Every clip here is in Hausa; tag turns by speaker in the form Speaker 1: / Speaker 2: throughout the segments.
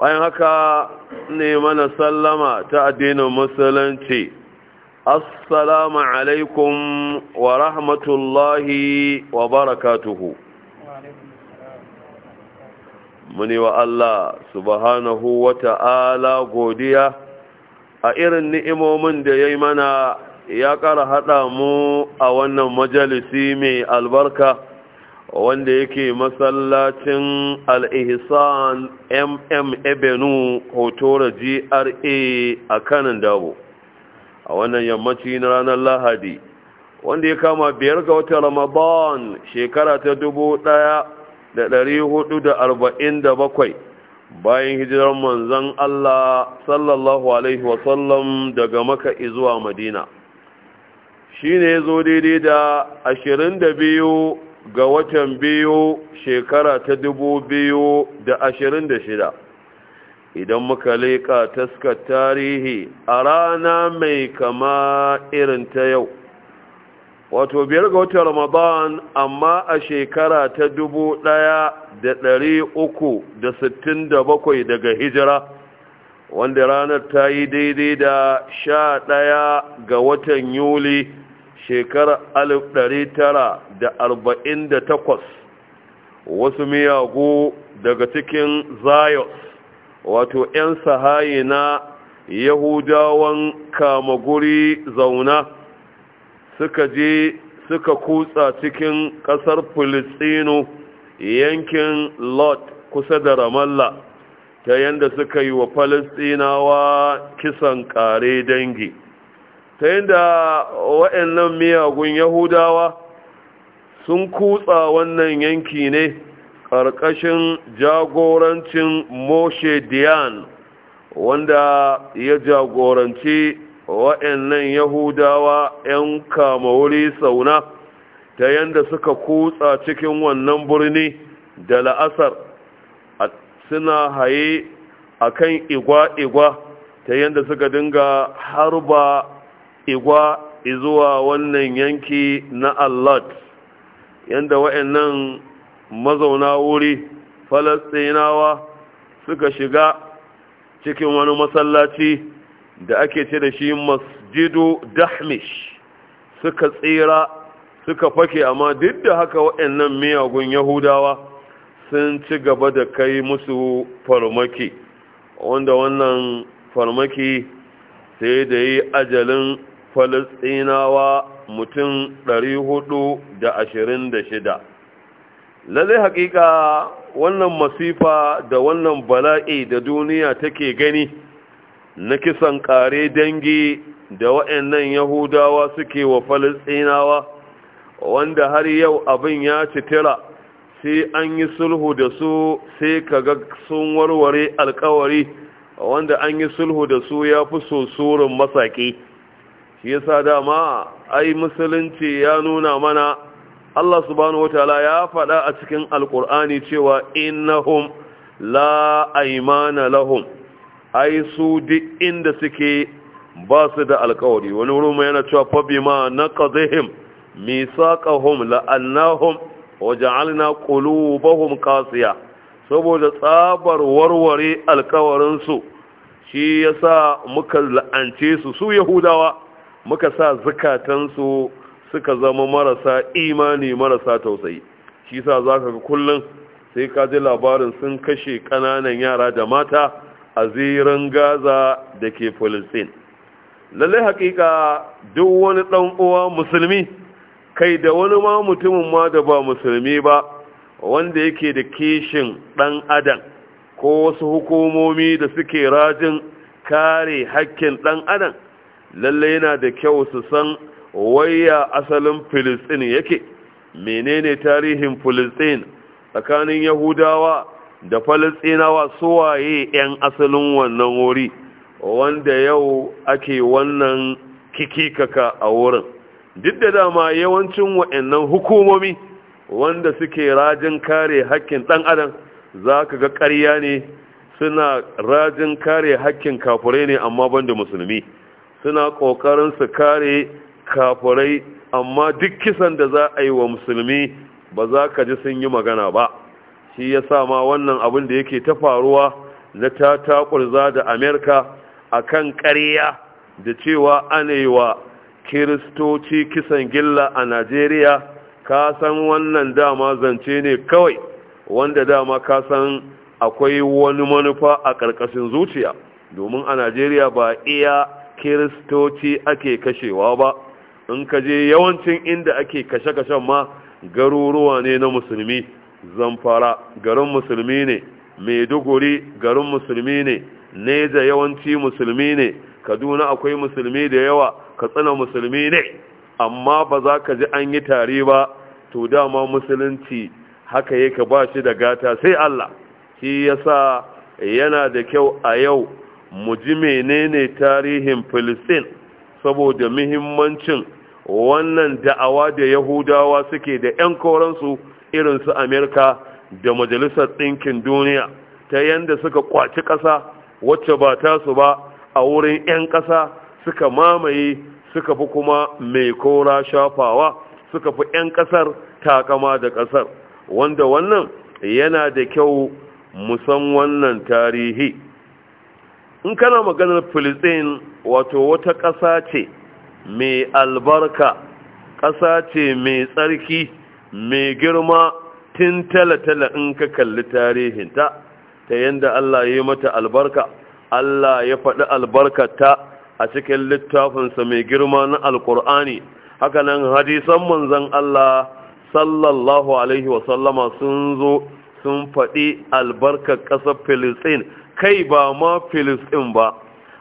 Speaker 1: bayan haka ne mana sallama ta addinin musulunci assalamu alaikum wa rahmatullahi wa barakatuhu muni wa Allah subhanahu wa ta'ala godiya a irin ni'imomin da ya mana ya ƙara haɗa mu a wannan majalisi mai albarka wanda yake masallacin al'ihisan mm ebenu hotora gra a kanan dabo a wannan yammaci na ranar lahadi wanda ya kama biyar ga watan ramadan shekara ta dubu da arba'in da bakwai bayan hijirar manzan allah sallallahu alaihi wasallam daga maka zuwa madina shi ne zo daidai da ashirin da biyu ga watan biyu shekara ta dubu biyu da ashirin da shida idan muka leƙa taskar tarihi a rana mai kama irin ta yau wato biyar ga watan ramadan amma a shekara ta dubu ɗaya da ɗari uku da sittin da bakwai daga hijira wanda ranar ta yi daidai da sha ɗaya ga watan yuli shekarar 1948 wasu miyagu daga cikin zayos wato 'yan sahayi na yahudawan kamaguri zauna suka je suka kutsa cikin ƙasar filistino yankin lot kusa da ramallah ta yanda suka yi wa falistinawa kisan ƙare dangi ta yadda waɗannan miyagun yahudawa sun kutsa wannan yanki ne ƙarƙashin jagorancin moshe diyan wanda ya jagoranci waɗannan yahudawa 'yan kama wuri sauna ta yadda suka kutsa cikin wannan birni da la'asar suna haye a kan igwa-igwa ta yadda suka dinga harba igwa izuwa wannan yanki na allat yadda wa'annan mazauna wuri falastinawa suka shiga cikin wani masallaci da ake ce da shi masjidu dahmish suka tsira suka fake amma duk da haka waɗannan miyagun yahudawa sun ci gaba da kai musu farmaki wanda wannan farmaki sai da yi ajalin falistinawa mutum da da ashirin 426 lalle hakika wannan masifa da wannan bala'i da duniya take gani na kisan ƙare dangi da wa'annan yahudawa suke wa falistinawa wanda har yau abin ya citira sai an yi sulhu da su sai kaga sun warware alkawari wanda an yi sulhu da su ya fi sosurin masaƙi shi yasa dama ai musulunci ya nuna mana Allah subhanahu wataala ya faɗa a cikin alkur'ani cewa innahum la aymana lahum ai su duk inda suke ba su da alkawari wani wurin mai yana cewa fa bima naqadhihim misaqahum annahum waja'alna qulubahum qasiya saboda tsabar warware alkawarin su shi yasa muka la'ance su su yahudawa muka sa zukatansu suka zama marasa imani marasa tausayi shi sa za ka ga kullum sai ka ji labarin sun kashe ƙananan yara da mata a ziran gaza da ke filistin lallai hakika duk wani ɗan uwa musulmi kai da wani ma mutumin ma da ba musulmi ba wanda yake da kishin ɗan adam ko wasu hukumomi da suke rajin kare hakkin ɗan adam lalle yana da kyau su san waya asalin filistin yake menene tarihin filistin tsakanin yahudawa da falistinawa suwaye 'yan asalin wannan wuri wanda yau ake wannan kikikaka a wurin duk da dama yawancin wa'annan hukumomi wanda suke rajin kare haƙƙin ɗan adam za ka ga ƙarya ne suna rajin kare hakkin kafurai ne amma banda musulmi suna ƙoƙarin su kare kafurai amma duk kisan da za a yi wa musulmi ba za ka ji sun yi magana ba shi ya sa ma wannan abin da yake ta faruwa na ta takurza da amerika a kan ƙarya da cewa ana yi wa kiristoci kisan gilla a najeriya ka san wannan dama zance ne kawai wanda dama ka san akwai wani manufa a ƙarƙashin zuciya domin a najeriya ba iya kiristoci ake kashewa ba in ka je yawancin inda ake kashe-kashen ma garuruwa ne na musulmi zamfara garin musulmi ne maiduguri garin musulmi ne neja yawanci musulmi ne kaduna akwai musulmi da yawa katsina musulmi ne amma ba za ka ji an yi tare ba to dama musulunci haka yake ba shi da gata sai Allah shi yasa yana da kyau a yau mu ji menene tarihin filistin saboda muhimmancin wannan da'awa da yahudawa suke da 'yan koransu su amerika da majalisar ɗinkin duniya ta yadda suka kwaci ƙasa wacce ba ta su ba a wurin 'yan ƙasa suka mamaye suka fi kuma mai kora shafawa suka fi 'yan ƙasar takama da ƙasar wanda wannan yana da kyau musan wannan tarihi in kana maganar filistin wato wata ƙasa ce mai albarka ƙasa ce mai tsarki mai girma tun tala-tala in ka kalli tarihinta ta yadda allah ya yi mata albarka allah ya faɗi albarkata a cikin littafinsa mai girma na alkur'ani hakanan hadisan manzan allah sallallahu alaihi wasallama sun zo sun faɗi albarkar ƙasar filistin kai ba ma filistin ba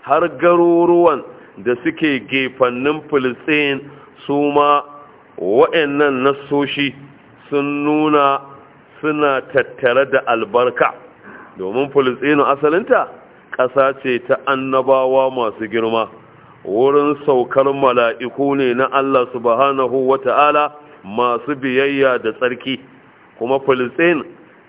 Speaker 1: har garuruwan da suke gefannin filistin su ma wa'annan nasoshi sun nuna suna tattare da albarka domin filistinu asalinta ƙasa ce ta annabawa masu girma wurin saukar mala'iku ne na Allah subhanahu wa ta'ala masu biyayya da tsarki kuma filistin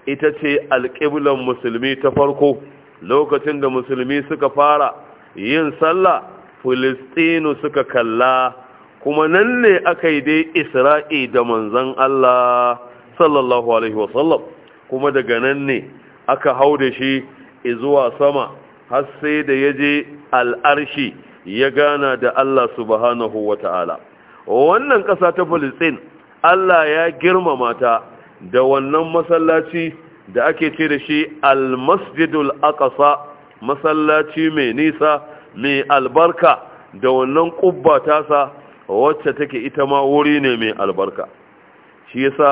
Speaker 1: ita ce alƙiblan musulmi ta farko lokacin da musulmi suka fara yin sallah filistinu suka kalla kuma nan ne aka yi dai isra'i da manzan Allah sallallahu alaihi wasallam kuma daga nan ne aka hau da shi zuwa sama har sai da ya je al'arshi ya gana da Allah subhanahu wa ta'ala wannan ƙasa ta filistin Allah ya girmama ta da wannan masallaci da ake ce da shi almasjidul aqsa masallaci mai nisa mai albarka da wannan kubba tasa wacce take ita ma wuri ne mai albarka shi yasa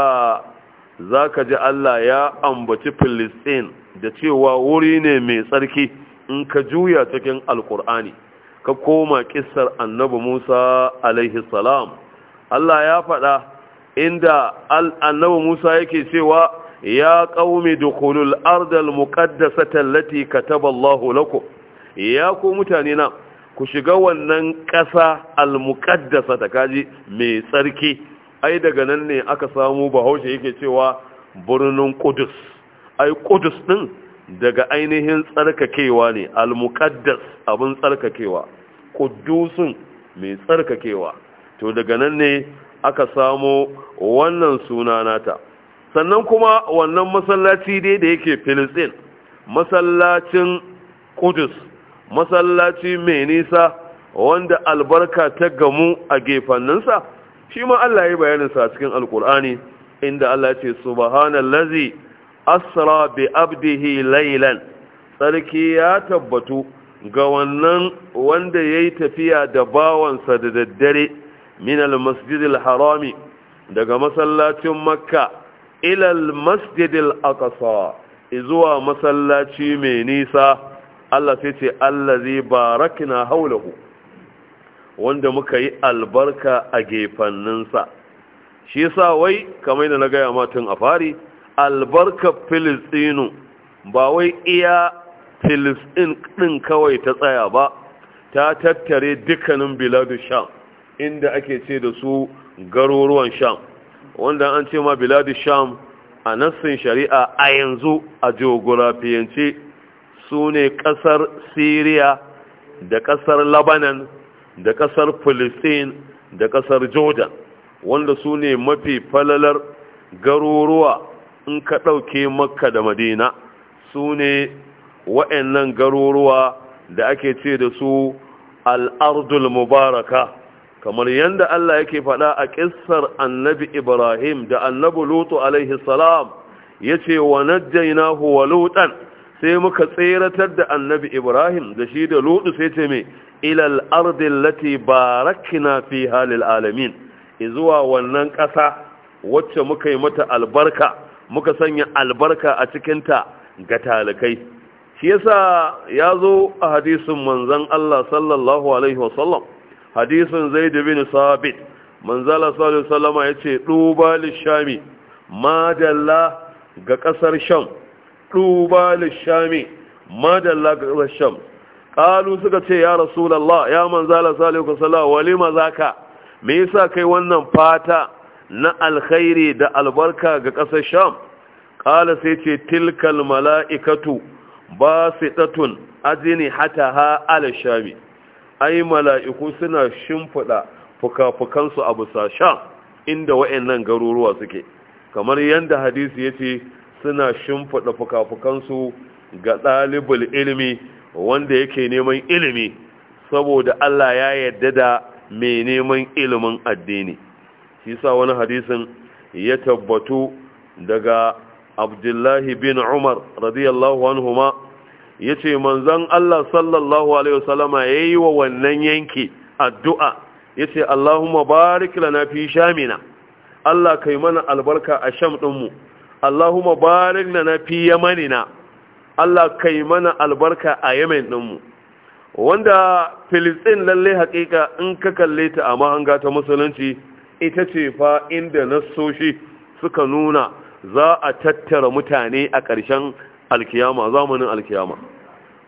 Speaker 1: zaka ji Allah ya ambaci Filistin da cewa wuri ne mai tsarki in ka juya cikin alkur'ani ka koma kissar annabi Musa alaihi salam Allah ya faɗa inda annabi Musa yake cewa يا قوم دخلوا الأرض المقدسة التي كتب الله لكم يا قوم تانينا كشغوا ننكسا المقدسة كاجي ميساركي أي دغنني أكسامو بحوشي يكي تيوا برنون قدس أي قدس نن daga ainihin tsarkakewa ne al-muqaddas abin tsarkakewa quddusun mai tsarkakewa to daga nan ne aka samu wannan sunanata sannan kuma wannan masallaci dai da yake filistin masallacin kudus masallaci mai nisa wanda albarka ta gamu a gefanninsa shi ma Allah ya bayaninsa a cikin alkur'ani inda Allah ce subhanallazi asra bi abdihi laylan sarki ya tabbatu ga wannan wanda yayi tafiya da bawansa da daddare min masjidil harami daga masallacin makka ilal masjidil aqsa zuwa masallaci mai nisa Allah sai ce allazi barakna haulahu wanda muka yi albarka a gefanninsa shi yasa wai kamar da na gaya ma tun a fari albarka filistinu ba wai iya filistin din kawai ta tsaya ba ta tattare dukkanin biladu sham inda ake ce da su garuruwan sham wanda an ce ma biladi sham a nassin shari'a a yanzu a geografiyance su ne ƙasar syria da ƙasar labanan da ƙasar palestine da ƙasar jordan wanda su ne mafi falalar garuruwa in ka ɗauke makka da madina su ne wa'annan garuruwa da ake ce da su al'ardul mubaraka kamar yadda Allah yake faɗa a ƙissar annabi Ibrahim da annabi Lutu alaihi salam ya ce wa najjainahu wa lutan sai muka tseratar da annabi Ibrahim da shi da Lutu sai ce me ilal ardil lati barakna fi halil alamin zuwa wannan ƙasa wacce muka yi mata albarka muka sanya albarka a cikinta ga talakai shi yasa ya zo a hadisin manzon Allah sallallahu alaihi wasallam hadisin zaid bin sabit manzala sallallahu alaihi wasallama yace duba shami, madalla ga kasar sham duba shami, madalla ga kasar sham qalu suka ce ya rasulullah ya manzala sallallahu alaihi wasallama walima zaka me yasa kai wannan fata na alkhairi da albarka ga kasar sham qala sai ce tilkal mala'ikatu basitatun ajini hataha ha shami ai mala'iku suna shimfiɗa fuka-fukansu a bisa inda wayannan garuruwa suke kamar yadda hadisi ya ce suna shimfiɗa fuka-fukansu ga ɗalibul ilimi wanda yake neman ilimi saboda Allah ya yarda da mai neman ilimin addini shi sa wani hadisin ya tabbatu daga abdullahi bin umar radiyallahu anhuma ya ce manzan Allah sallallahu Alaihi wasallama ya yi wa wannan yanki addu'a ya ce Allahumma barik lana fi shamina Allah kai mana albarka a sham ɗinmu Allahumma barik lana fi yamanina Allah kai mana albarka a yamen ɗinmu wanda filistin lalle haƙiƙa in ka kalle ta a mahanga ta musulunci ita ce fa inda nassoshi suka nuna za a tattara mutane a ƙarshen alkiyama zamanin alkiyama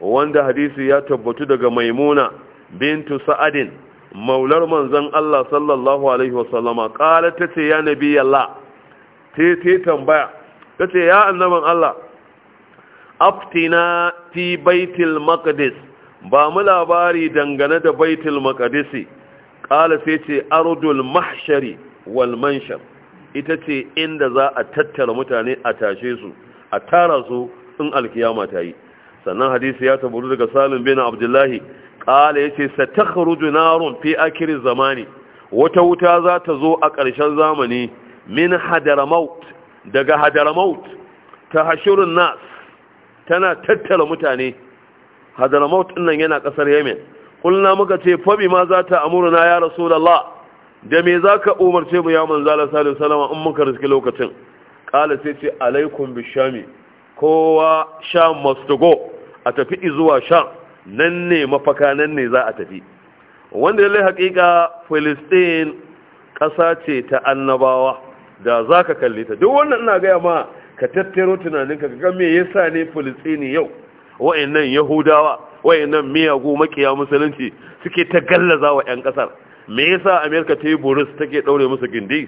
Speaker 1: wanda hadisi ya tabbatu daga maimuna bintu sa'adin maular manzon Allah sallallahu alaihi wasallama kala tace ya nabi Allah te te tambaya tace ya annaban Allah aftina fi baitil maqdis ba mu labari dangane da baitul maqdis kala sai ce ardul mahshari wal manshar ita ce inda za a tattara mutane a tashe su a tara su in alkiyama ta yi sannan hadisi ya tabbatu daga salim bin abdullahi kala yace satakhruju narun fi akhir zamani wata wuta za ta zo a ƙarshen zamani min hadaramaut daga hadaramaut ta hashurun nas tana tattara mutane hadaramaut nan yana ƙasar yemen kulna muka ce fabi ma za ta amuruna ya rasulullah da me za ka umarce mu ya manzala sallallahu alaihi wasallam in muka riski lokacin kala sai ce alaikum bishami kowa Shan must go a tafi zuwa Shan nan ne mafaka nan ne za a tafi wanda lalle hakika Palestine ƙasa ce ta annabawa da za ka kalli ta duk wannan na gaya ma ka tattaro tunaninka ka ga me sa ne Palestine yau wa'annan Yahudawa wa'annan miyagu makiya musulunci suke ta gallaza wa 'yan ƙasar me yasa Amerika ta yi buris take ɗaure musu gindi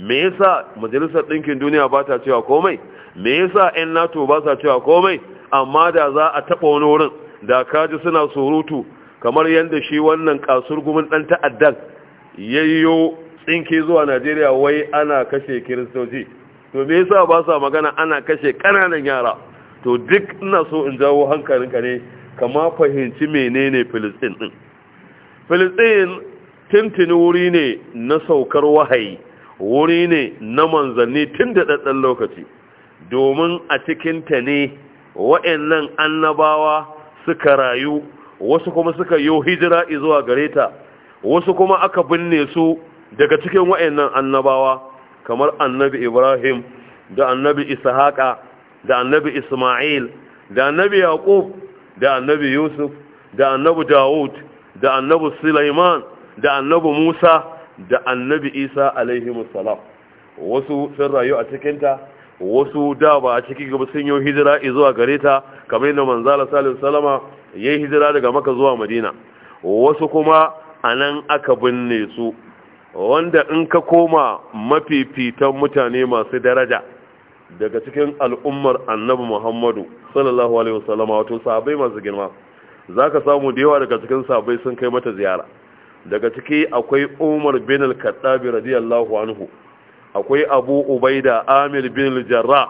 Speaker 1: me yasa majalisar ɗinkin duniya ba ta cewa komai me yasa 'yan nato ba sa cewa komai amma da za a taɓa wani wurin da kaji suna surutu kamar yadda shi wannan kasur gumin ɗan ta'addan ya yayyo tsinke zuwa najeriya wai ana kashe kiristoci to me yasa ba sa magana ana kashe ƙananan yara to duk ina so in jawo hankalinka ne kama fahimci menene filistin ɗin filistin tintini wuri ne na saukar wahayi wuri ne na manzanni tun da ɗaɗɗen lokaci domin a cikinta ne wa'annan annabawa suka rayu wasu kuma suka yi hijira zuwa gare ta wasu kuma aka binne su daga cikin wa'annan annabawa kamar annabi ibrahim da annabi ishaqa da annabi isma'il da annabi yaqub da annabi yusuf da annabi dawud da annabi sulaiman da annabi musa da annabi isa alaihi musallam wasu sun rayu a cikinta wasu da ba a cikin gaba sun yi hijira zuwa gare ta kamar yadda manzala salim salama ya yi hijira daga maka zuwa madina wasu kuma a nan aka binne su wanda in ka koma mafifitan mutane masu daraja daga cikin al'ummar annabi muhammadu sallallahu alaihi wasallama wato sabai masu girma za ka samu da yawa daga cikin sabai sun kai mata ziyara daga ciki akwai umar bin al-khattab radiyallahu anhu akwai abu ubaida amir bin al-jarrah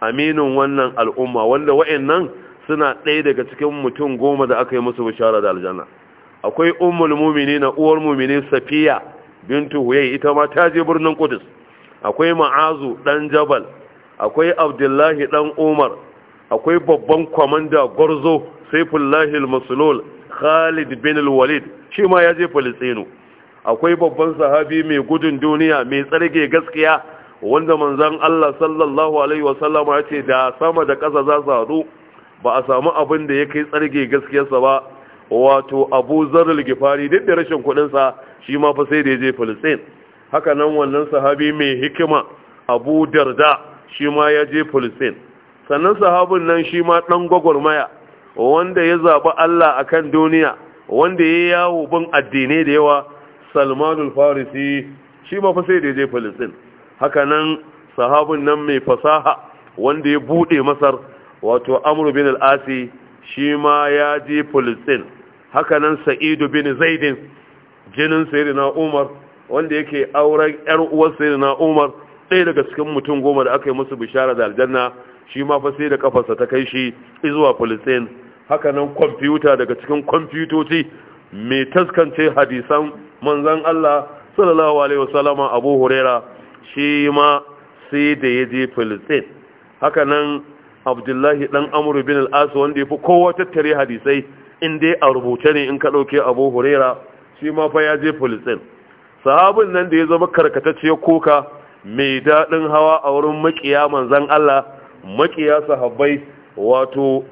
Speaker 1: aminin wannan al'umma wanda wa'annan suna ɗaya daga cikin mutum goma da aka yi musu bishara da aljanna akwai ummul na uwar mumini safiya bintu huyai ita ma ta je birnin qudus akwai ma'azu dan jabal akwai abdullahi dan umar akwai babban kwamanda gwarzo saifullahi al khalid bin al-walid shi ma ya je falisino akwai babban sahabi mai gudun duniya mai tsarge gaskiya wanda manzon Allah sallallahu alaihi wasallama ya ce da sama da ƙasa za su haɗu ba a samu abin da ya kai tsarge gaskiyarsa ba wato Abu Zarul Gifari duk da rashin kuɗin sa shi ma fa sai da ya je Filistin haka nan wannan sahabi mai hikima Abu Darda shi ma ya je Filistin sannan sahabin nan shi ma dan gwagwarmaya wanda ya zaɓi Allah a kan duniya wanda ya yawo bin addinai da yawa salmanul farisi shi ma fa sai da je filistin haka nan sahabun nan mai fasaha wanda ya buɗe masar wato amru bin al'asi shi ma ya je filistin haka nan sa'idu bin zaidin jinin sayyidina umar wanda yake auren yar uwar sayyidina umar ɗaya daga cikin mutum goma da aka yi musu bishara da aljanna shi ma fa sai da kafarsa ta kai shi izuwa filistin hakanan kwamfuta daga cikin kwamfutoci mai taskance hadisan manzan Allah sallallahu alaihi wasallama Abu Huraira shi ma sai da ya je Filistin hakanan Abdullahi dan Amr bin al-As wanda ya fi kowa tattare hadisai in dai a rubuce ne in ka dauke Abu Huraira shi ma fa ya je Filistin sahabin nan da ya zama karkatacce koka mai daɗin hawa a wurin makiya manzan Allah makiya sahabbai wato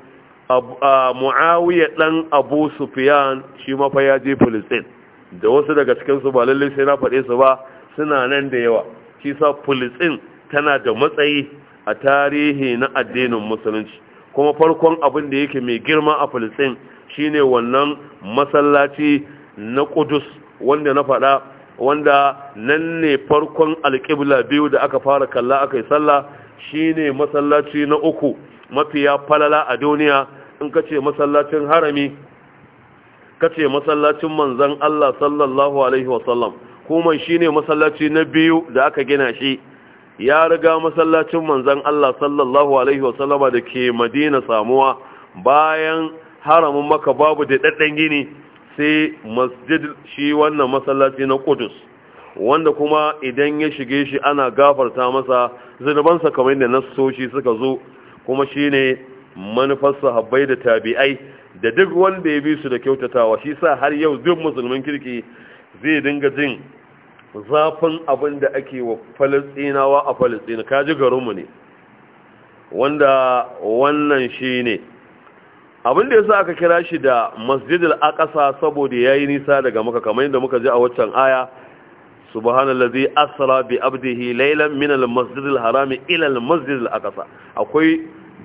Speaker 1: mu'awiyar ɗan abu sufiyan shi mafa ya je filistin da wasu daga cikinsu ba lallai sai na faɗe su ba suna nan da yawa shi sa filistin tana da matsayi a tarihi na addinin musulunci kuma farkon abin da yake mai girma a filistin shine wannan masallaci na kudus wanda na faɗa wanda nan ne farkon alƙibla biyu da aka fara kalla aka yi sallah shine masallaci na uku mafiya falala a duniya in ka ce masallacin harami ka masallacin manzan Allah sallallahu alaihi wasallam kuma shine masallaci na biyu da aka gina shi ya riga masallacin manzon Allah sallallahu alaihi wasallama da ke Madina samuwa bayan haramin maka babu da daddan gini sai masjid shi wannan masallaci na Qudus wanda kuma idan ya shige shi ana gafarta masa zunubansa kamar da nassoshi suka zo kuma ne manufar sahabbai da tabi'ai da duk wanda ya bi su da kyautatawa shi sa har yau duk musulmin kirki zai dinga jin zafin abin da ake wa falisinawa a falisina ka ji garinmu ne wanda wannan shi ne abin da ya sa aka kira shi da masjidil a ƙasa saboda ya yi nisa daga maka kamar yadda muka ji a waccan aya subhanallazi asra bi abdihi laylan min al-masjidil harami ila al-masjidil aqsa akwai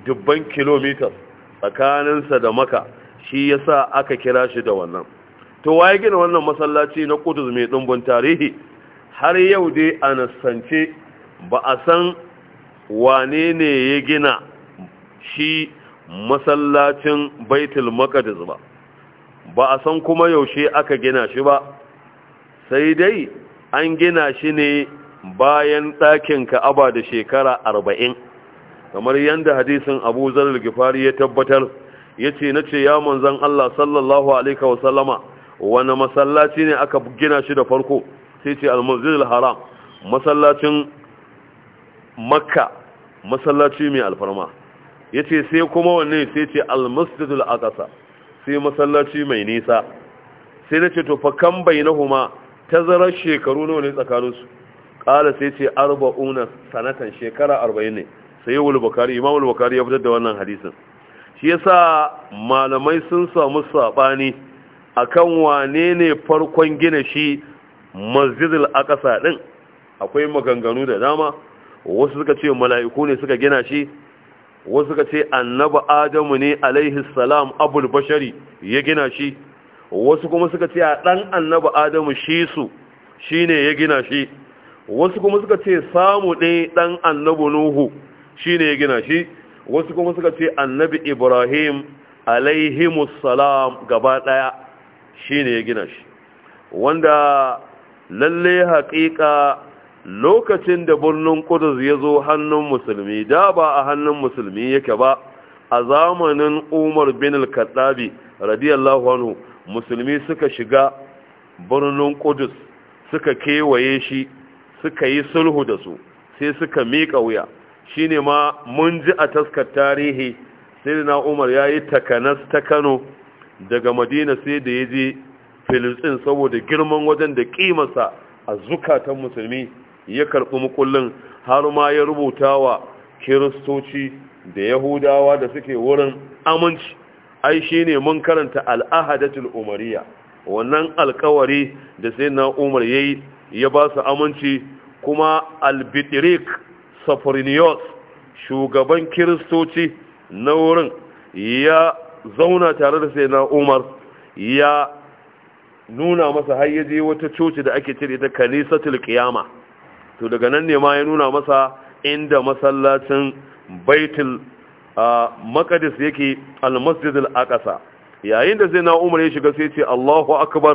Speaker 1: dubban kilometers tsakaninsa da maka shi yasa aka kira shi da wannan to waye gina wannan masallaci na Qudus mai dumbun tarihi har yau dai a nasance ba a san wane ne ya gina shi masallacin Baitul Maqdis ba ba a san kuma yaushe aka gina shi ba sai dai an gina shi ne bayan ɗakin ka'aba da shekara arba'in kamar yadda hadisin abu zarar gifari ya tabbatar ya ce na ce ya manzan Allah sallallahu alaihi wasallama wani masallaci ne aka gina shi da farko sai ce almanzilil haram masallacin makka masallaci mai alfarma ya ce sai kuma wanne sai ce almasjidul akasa sai masallaci mai nisa sai na ce to fa bai na huma tazarar shekaru nawa ne tsakaninsu ƙala sai ce arba'una sanatan shekara arba'in ne sai yi wulbukari imam wulbukari ya fitar da wannan hadisin shi yasa malamai sun samu saɓani akan wane ne farkon gina shi masjidil akasa ɗin akwai maganganu da dama wasu suka ce mala'iku ne suka gina shi wasu suka ce annaba adamu ne alaihi salam abul bashari ya gina shi wasu kuma suka ce a ɗan annabi adamu shi su shi ne ya gina shi wasu kuma suka ce samu ɗin ɗan annabi nuhu shi ne ya gina shi wasu kuma suka ce annabi ibrahim alaihimussalam gaba ɗaya shi ne ya gina shi wanda lalle haƙiƙa lokacin da birnin ƙudus ya zo hannun musulmi da ba a hannun musulmi yake ba a zamanin umar bin al kaddabi radiyallahu anhu musulmi suka shiga birnin Qudus suka kewaye shi suka yi sulhu da su sai suka miƙa wuya shine ma mun ji a taskar tarihi sayyidina Umar yi takanas ta Kano daga Madina sai da ya je Filistin saboda girman wajen da ƙimasa a zukatan musulmi ya karɓi mukullin har ma ya rubuta wa kiristoci da yahudawa da suke wurin aminci ai shine mun karanta al'ahadatul umariya wannan alkawari da sai na umar yi ya ba su aminci kuma albitirik safariniyos shugaban kiristoci na wurin ya zauna tare da sai na umar ya nuna masa hayyaji wata coci da ake cire ta kanisatul tilkiyama, to daga nan ne ma ya nuna masa inda masallacin baitul a makadis yake al-masjid al-aqsa yayin da sai na umar ya shiga sai ce Allahu akbar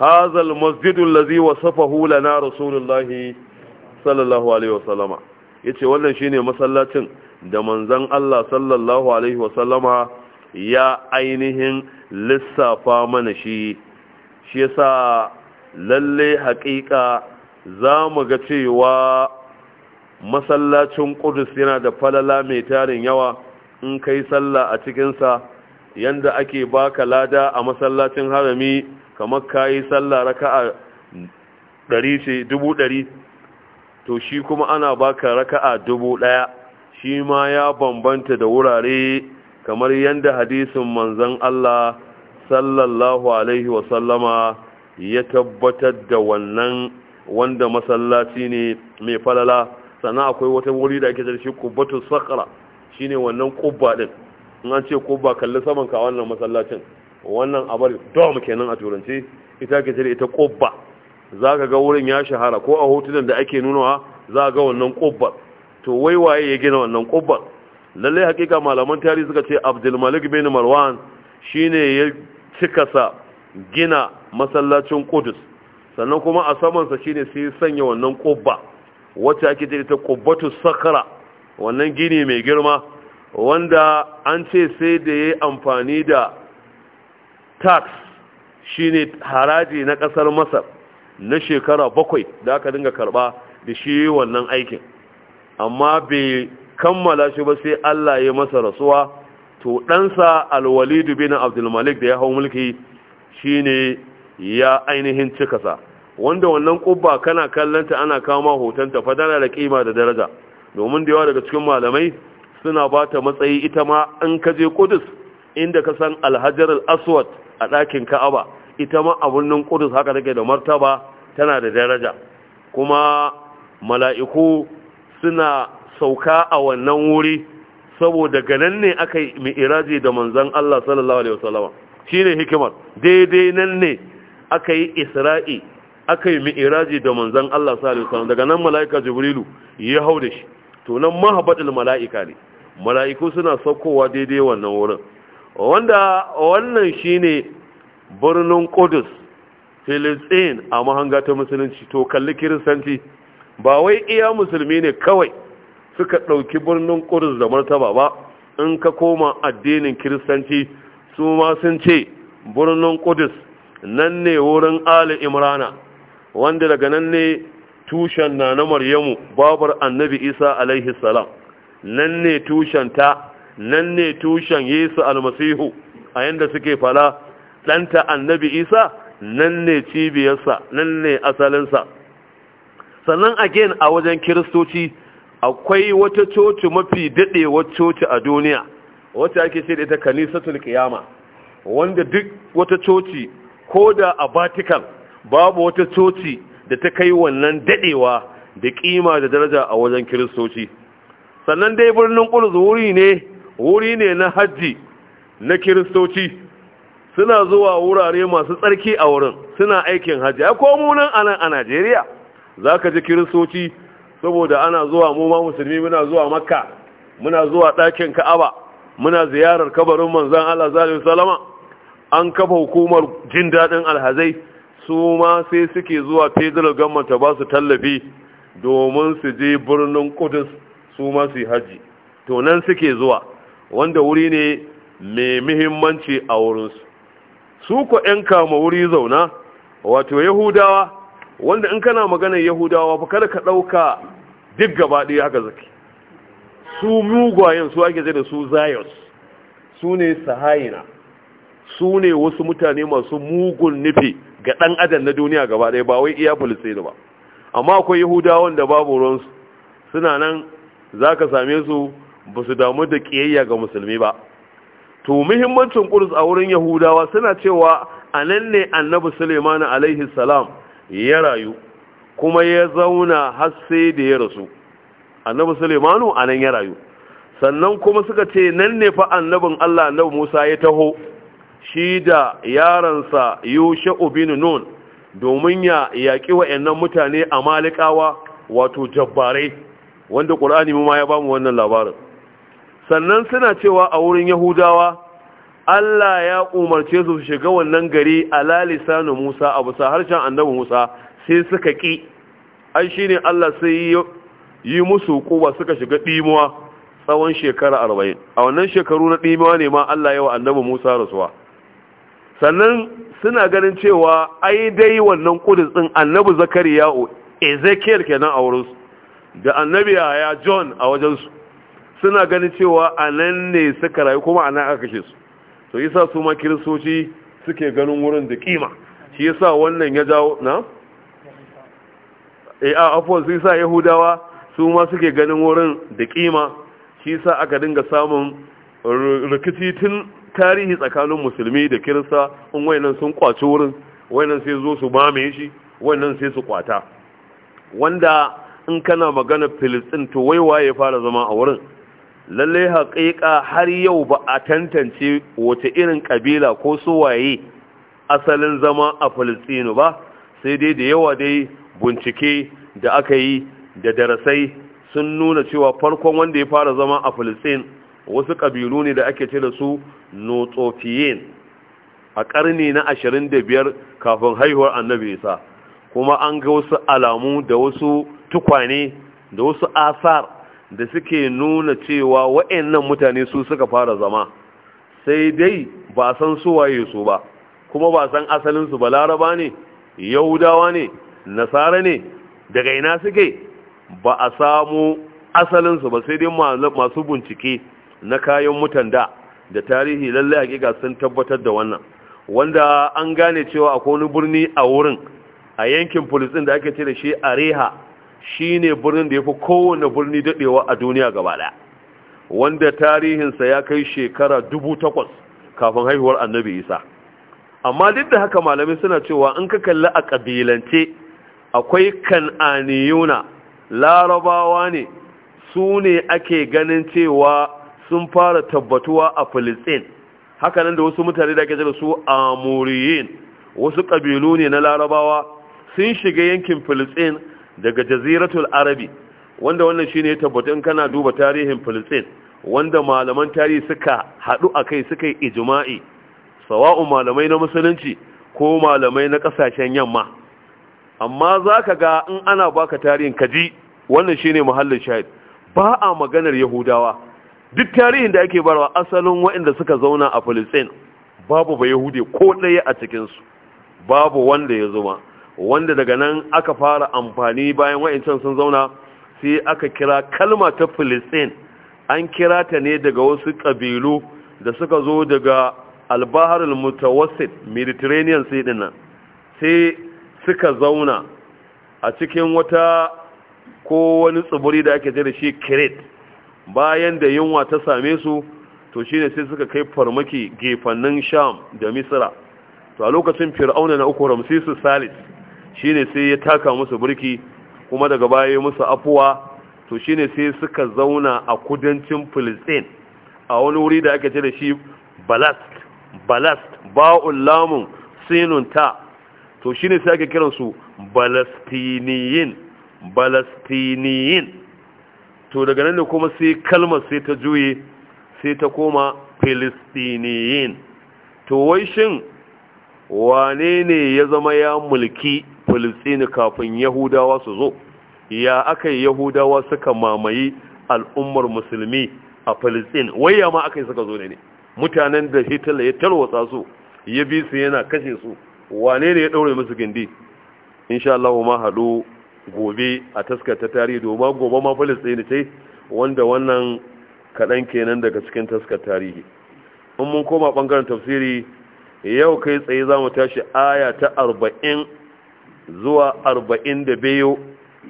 Speaker 1: hadha al-masjid alladhi wasafahu lana rasulullahi sallallahu alaihi wasallama yace wannan shine masallacin da manzon Allah sallallahu alaihi wasallama ya ainihin lissafa mana shi shi yasa lalle haƙiƙa zamu ga cewa masallacin ƙudus yana da falala mai tarin yawa in kai sallah a cikinsa yanda ake baka lada a masallacin harami kamar kayi sallah raka'a ɗari ce ɗari to shi kuma ana baka raka'a dubu ɗaya shi ma ya bambanta da wurare kamar yadda hadisin manzan Allah sallallahu alaihi wasallama ya tabbatar da wannan wanda masallaci ne mai falala sannan akwai wata wuri da ake zarshe kubbatu sakara shine wannan kubba din in an ce kubba kalli saman ka wannan masallacin wannan abar dom kenan a turanci ita ke jira ita kubba zaka ga wurin ya shahara ko a hotunan da ake nunawa za ga wannan kubba to wai waye ya gina wannan kubba lallai hakika malaman tarihi suka ce Abdul Malik bin Marwan shine ya cika sa gina masallacin Qudus sannan kuma a samansa shine sai sanya wannan kubba wacce ake ce ta kubbatu sakara wannan gini mai girma wanda an ce sai da ya amfani da tax shine haraji na kasar masar na shekara bakwai da aka dinga karba da shi wannan aikin amma bai kammala shi ba sai Allah ya masa rasuwa to ɗansa alwalidu bin abdulmalik da ya hau mulki shine ya ainihin cikasa wanda wannan kubba kana kallanta ana kama hotonta fa tana da kima da daraja domin da yawa daga cikin malamai suna ba ta matsayi ita ma an ka je kudus inda ka san alhajar aswad a ɗakin ka'aba ita ma a birnin kudus haka take da martaba tana da daraja kuma mala'iku suna sauka a wannan wuri saboda ganan ne aka yi mi'iraji da manzan Allah sallallahu Alaihi wasallama shi hikimar daidai nan ne aka yi isra'i aka yi mi'iraji da manzan Allah sallallahu alaihi daga nan mala'ika jibrilu ya hau da shi to nan mahabbatul mala'ika ne mala'iku suna saukowa daidai wannan wurin wanda wannan shine birnin Qudus Filistin a mahanga ta musulunci to kalli kiristanci ba wai iya musulmi ne kawai suka ɗauki birnin Qudus da martaba ba in ka koma addinin kiristanci su ma sun ce birnin Qudus nan ne wurin Ali Imrana wanda daga nan ne tushen na na maryamu babar annabi isa alaihi salam nan ne tushen ta nan ne tushen yesu almasihu a yanda suke fala ɗanta annabi isa nan ne cibiyarsa nan ne asalinsa sannan again a wajen kiristoci akwai wata coci mafi daɗewar coci a duniya wacce ake ce da ita kanisatul kiyama wanda duk wata coci ko da a vatican babu wata coci da ta kai wannan dadewa da kima da daraja a wajen kiristoci sannan dai birnin ƙudus wuri ne wuri ne na hajji na kiristoci suna zuwa wurare masu tsarki a wurin suna aikin hajji a komunan anan a nan a najeriya za ka ji kiristoci saboda ana zuwa mu ma musulmi muna zuwa makka muna zuwa ɗakin ka'aba muna ziyarar kabarin manzan allah zalin salama an kafa hukumar jin daɗin alhazai su ma sai suke zuwa federal government ta ba su tallafi domin su je birnin kudus su ma su yi haji to nan suke zuwa wanda wuri ne mai muhimmanci a wurinsu su ko 'yan kama wuri zauna wato yahudawa wanda in kana maganar yahudawa fa kada ka ɗauka duk gaba ɗaya haka zaki su mugwayen su ake zai da su zayos su ne sahayina su ne wasu mutane masu mugun nufi ga ɗan adam na duniya gaba ɗaya ba wai iya Palestine ba amma akwai Yahudawa wanda babu ruwansu suna nan za ka same su ba su damu da ƙiyayya ga musulmi ba to muhimmancin ƙuris a wurin Yahudawa suna cewa nan ne Annabi suleimani alaihi salam ya rayu kuma ya zauna har sai da ya rasu Annabi a anan ya rayu sannan kuma suka ce nan ne fa annabin Allah annabi Musa ya taho shi da yaransa yusha'u bin nun domin ya yaƙi wa'annan mutane a malikawa wato jabbare. wanda ƙulani ma ya bamu wannan labarin sannan suna cewa a wurin yahudawa Allah ya umarce su su shiga wannan gari a lalisanu Musa a busa harshen annabi Musa sai suka ƙi ai shine Allah sai yi musu kuwa suka shiga ɗimuwa tsawon shekara arba'in a wannan shekaru na ɗimuwa ne ma Allah ya wa annabi Musa rasuwa sannan suna ganin cewa ai dai wannan kudus din annabi o ezekiel kenan a wurinsu da annabi ya john a wajensu suna ganin cewa a nan ne suka rayu kuma a nan aka kashe su to yasa su ma kiristoci suke ganin wurin da kima shi yasa wannan ya jawo na eh a afwan su yasa yahudawa su ma suke ganin wurin da kima shi yasa aka dinga samun rikici tun tarihi tsakanin musulmi da kirista in wayannan sun kwaci wurin wayannan sai zo su mamaye shi wayannan sai su kwata wanda in kana magana filistin to waiwa ya fara zama a wurin lallai haƙiƙa har yau ba a tantance wace irin kabila ko su waye asalin zama a filistinu ba sai dai da yawa dai bincike da aka yi da darasai sun nuna cewa farkon wanda ya fara zama a filistin wasu ƙabilu ne da ake ce da su notsofiyen a ƙarni na ashirin da biyar kafin haihuwar annabi isa kuma an ga wasu alamu da wasu tukwane da wasu asar da suke nuna cewa wa'annan mutane su suka fara zama sai dai ba san suwaye su ba kuma ba san asalinsu ba laraba ne yahudawa ne nasara ne daga ina suke ba a samu asalinsu ba sai dai masu bincike na kayan mutan da da tarihi lallai hakika sun tabbatar da wannan wanda an gane cewa akwai wani birni a wurin a yankin Filistin da ake ce da shi Areha shine birnin da yafi kowane birni dadewa a duniya gaba daya wanda tarihinsa ya kai shekara dubu takwas kafin haihuwar annabi Isa amma duk da haka malamai suna cewa in ka kalli a kabilance akwai kan'aniyuna larabawa ne su ne ake ganin cewa sun fara tabbatuwa a filistin hakanan da wasu mutane da jira su amuriyin wasu kabilu ne na larabawa sun shiga yankin filistin daga jaziratul arabi wanda wannan shine ya tabbata kana duba tarihin filistin wanda malaman tarihi suka haɗu a kai suka yi ijima'i sawa'u malamai na musulunci ko malamai na ƙasashen yamma amma za ka ga in ana baka tarihin kaji wannan shine muhallin shahid ba a maganar yahudawa duk tarihin da ake barwa asalin waɗanda suka zauna a filistin babu ba yahudi ko ɗaya a cikinsu babu wanda ya zuma wanda daga nan aka fara amfani bayan waɗancan sun zauna sai aka kira kalma ta filistin an kira ta ne daga wasu ƙabilu da suka zo daga albahar mutawassit mediterranean sai dinnan sai suka zauna a cikin wata ko wani tsibiri da ake ce da shi kiret bayan da yunwa ta same su to shine sai suka kai farmaki gefannin sham da misira to a lokacin fir'auna na uku ramsisu salis shine sai ya taka musu birki kuma daga baya musu afuwa to shine sai suka zauna a kudancin filistin a wani wuri da ake ce da shi balast balast ba'ul lamun sinun ta to shine sai ake kiransu balastiniyin balastiniyin to daga nan ne kuma sai kalmar sai ta juye sai ta koma filistiniyin to wai shin wane ne ya zama ya mulki filistini kafin yahudawa su zo ya aka yahudawa suka mamaye al'ummar musulmi a filistin wai ya ma aka yi suka zo ne mutanen da hitler ya tarwatsa su ya bi su yana kashe su wane ne ya ɗaure musu gindi insha Allah ma haɗu gobe a taskar ta tarihi domin gobe ma ne ce wanda wannan kaɗan kenan daga cikin taskar tarihi in mun koma ɓangaren tafsiri yau kai tsaye za mu tashi aya ta arba'in zuwa arba'in da biyu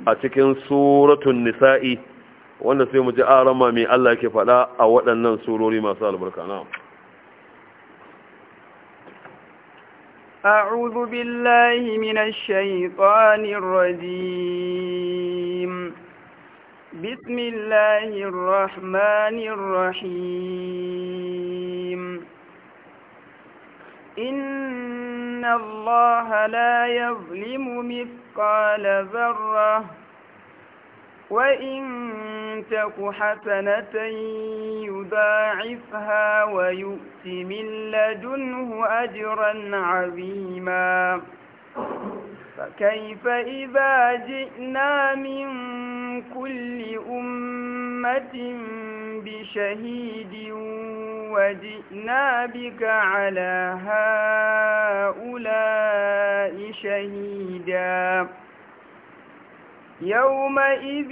Speaker 1: a cikin suratun nisa'i wanda sai mu ji arama mai allah ke faɗa a waɗannan surori masu albarka na'am
Speaker 2: أعوذ بالله من الشيطان الرجيم بسم الله الرحمن الرحيم إن الله لا يظلم مثقال ذره وإن تك حسنة يضاعفها ويؤت من لدنه أجرا عظيما فكيف إذا جئنا من كل أمة بشهيد وجئنا بك على هؤلاء شهيداً يومئذ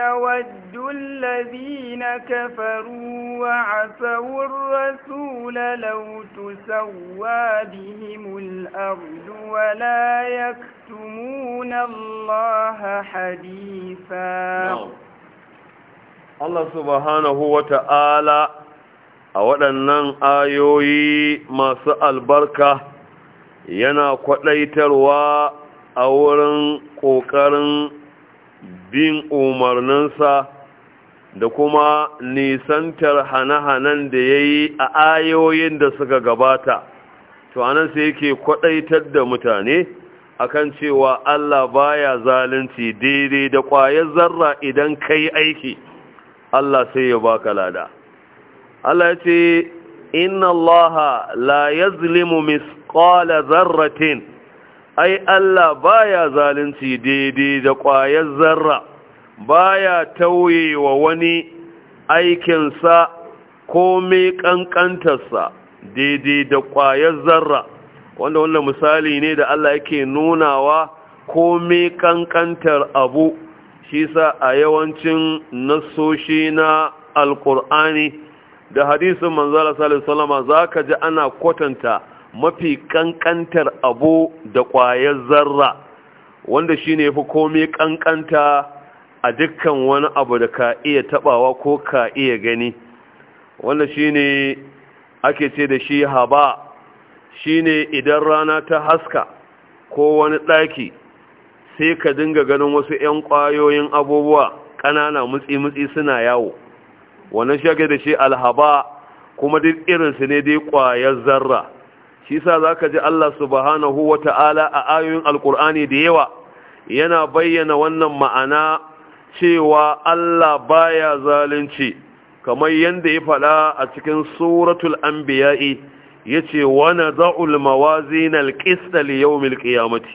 Speaker 2: يود الذين كفروا وعصوا الرسول لو تسوى بهم الأرض ولا يكتمون الله حديثا
Speaker 1: الله سبحانه وتعالى a waɗannan ayoyi masu albarka yana kwaɗaitarwa a wurin ƙoƙarin bin umarninsa da kuma nisantar hane-hanen da ya yi a ayoyin da suka gabata to anan sai yake kwaɗaitar da mutane akan cewa Allah baya zalunci daidai da ƙwayar zarra idan kai aiki Allah sai ya baka lada Allah ya ce inna Allah la yazlimu misqala zarratin ai Allah baya zalunci daidai da ƙwayar zarra baya tauye wa wani aikinsa ko mai ƙanƙantarsa daidai da ƙwayar zarra wanda wannan misali ne da Allah yake nunawa ko mai ƙanƙantar abu shi sa a yawancin nasoshi na alƙur'ani da hadisin manzala salisalama za ka ji ana kwatanta mafi kankantar abu da ƙwayar zarra wanda shine fi komai kankanta a dukkan wani abu da ka iya tabawa ko ka iya gani wanda shine ake ce da shi haba shine idan rana ta haska ko wani ɗaki sai ka dinga ganin wasu 'yan ƙwayoyin abubuwa ƙanana mutsi-mutsi suna yawo wannan shi ake da shi alhaba kuma duk irinsu ne dai ƙwayar zarra shi sa za ka ji Allah subhanahu wa ta'ala a ayoyin alkur'ani da yawa yana bayyana wannan ma'ana cewa Allah baya zalunci kamar yadda ya faɗa a cikin suratul anbiya'i ce wani za'ul mawazin alqist yau yawmil mati?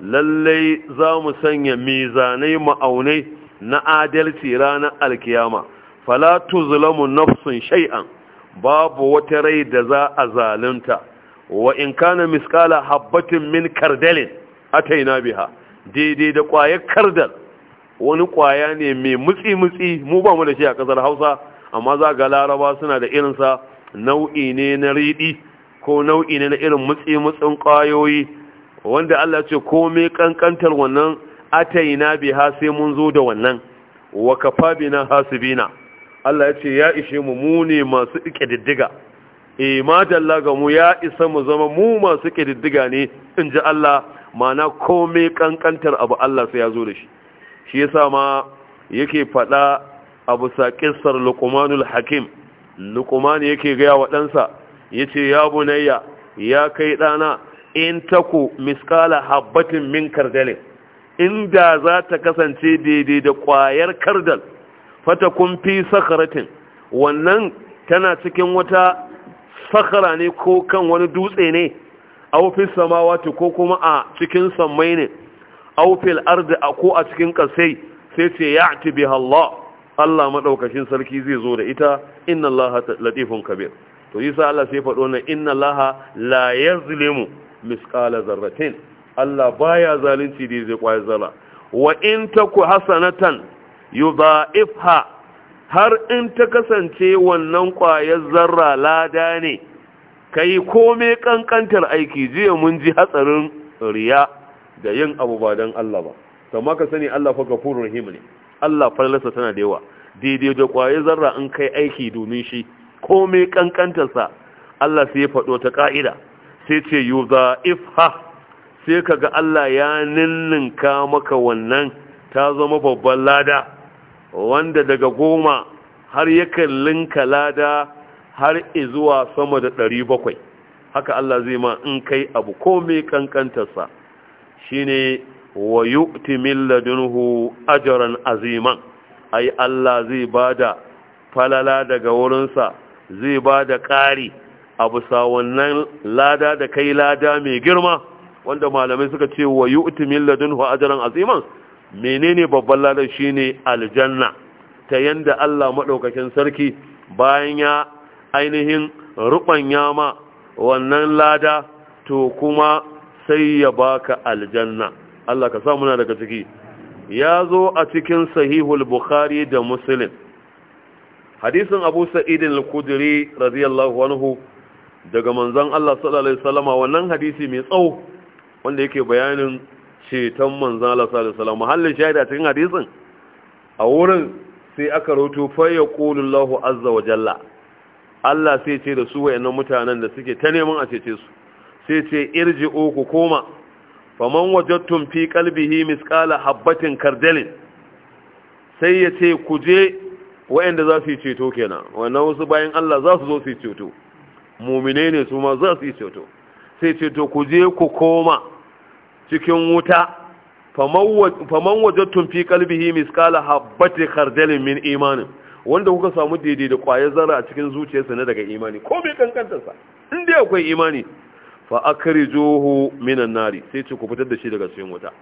Speaker 1: Lallai za mu sanya mizanai ma'aunai na adalci ranar alkiyama fala tuzlamu nafsun shai'an. babu wata rai da za a zalunta wa in kana miskala habbatin min kardalin ataina biha daidai da kwayar kardal wani kwaya ne mai mutsi mutsi mu ba mu da shi a kasar Hausa amma za ga Laraba suna da irinsa nau'i ne na riɗi ko nau'i ne na irin mutsi mutsin kwayoyi wanda Allah ce komai kankantar wannan ataina biha sai mun zo da wannan wa kafa bina hasibina Allah ya ce ya ishe mu mu ne masu ike diddiga eh madalla ga mu ya isa mu zama mu masu kididdiga ne in ji Allah mana komai kankantar abu Allah sai ya zo da shi shi yasa ma yake faɗa abu saƙisar kissar luqmanul hakim luqman yake ga wa ɗansa yace ya bunayya ya kai ɗana in taku miskala habbatin min kardalin inda za ta kasance daidai da ƙwayar kardal fata kun fi sakaratin wannan tana cikin wata sakara ne ko kan wani dutse ne aufin samawati ko kuma a cikin sammai ne aufil ardi ko a cikin kasai sai ce ya bi Allah Allah maɗaukashin sarki zai zo da ita inna Allah latifin kabir to sa Allah sai faɗo na inna Allah la ya mu, miskala zarratin Allah baya zalunci da zai kwaya zara wa in taku hasanatan yudha'ifha har in ta kasance wannan ƙwayar zarra lada ne ka yi kome ƙanƙantar aiki jiya mun ji hatsarin riya da yin abu ba don Allah ba ta ka sani Allah faka furin rahim ne Allah fallasa tana da yawa daidai da ƙwayar zarra in kai aiki domin shi kome ƙanƙantarsa Allah sai ya faɗo ta ƙa'ida sai ce yuza ifha sai kaga Allah ya ninninka maka wannan ta zama babban lada wanda daga goma har yakan linka lada har izuwa sama da ɗari bakwai haka Allah zai ma in kai abu ko mai kankantarsa shine wa yu'ti min ladunhu ajiyar aziman ai Allah zai ba da falala daga wurinsa zai ba da ƙari abu sa wannan lada da kai lada mai girma wanda malamai suka ce wa yu'ti min ladunhu ajiyar aziman menene babban ladan shine aljanna ta yanda Allah maɗaukakin sarki bayan ya ainihin ruɓanya ma wannan lada to kuma sai ya baka aljanna Allah ka muna daga ciki ya zo a cikin sahihul bukhari da muslim hadisin abu sa'idin al-kudiri radiyallahu anhu daga manzon Allah sallallahu alaihi wasallama wannan hadisi mai tsawo wanda yake bayanin ceton manzan Allah sallallahu alaihi wasallam mahallin shahida cikin hadisin a wurin sai aka roto fa ya qulullahu azza wa jalla Allah sai ce da su wayannan mutanen da suke ta neman a cece su sai ce irji ku koma faman wajadtum fi qalbihi misqala habatin kardalin sai ya ce ku je wayanda za su yi ceto kenan wannan wasu bayan Allah za su zo su yi ceto mu'mine ne su ma za su yi ceto sai ce to ku je ku koma cikin wuta faman wajattun fi kalbihi miskala habbati kardalin min imanin wanda kuka samu daidai da kwayar zara a cikin zuciyarsa na daga imani ko mai kankantarsa in dai akwai imani fa akrijuhu minan nari sai ce ku fitar da shi daga cikin wuta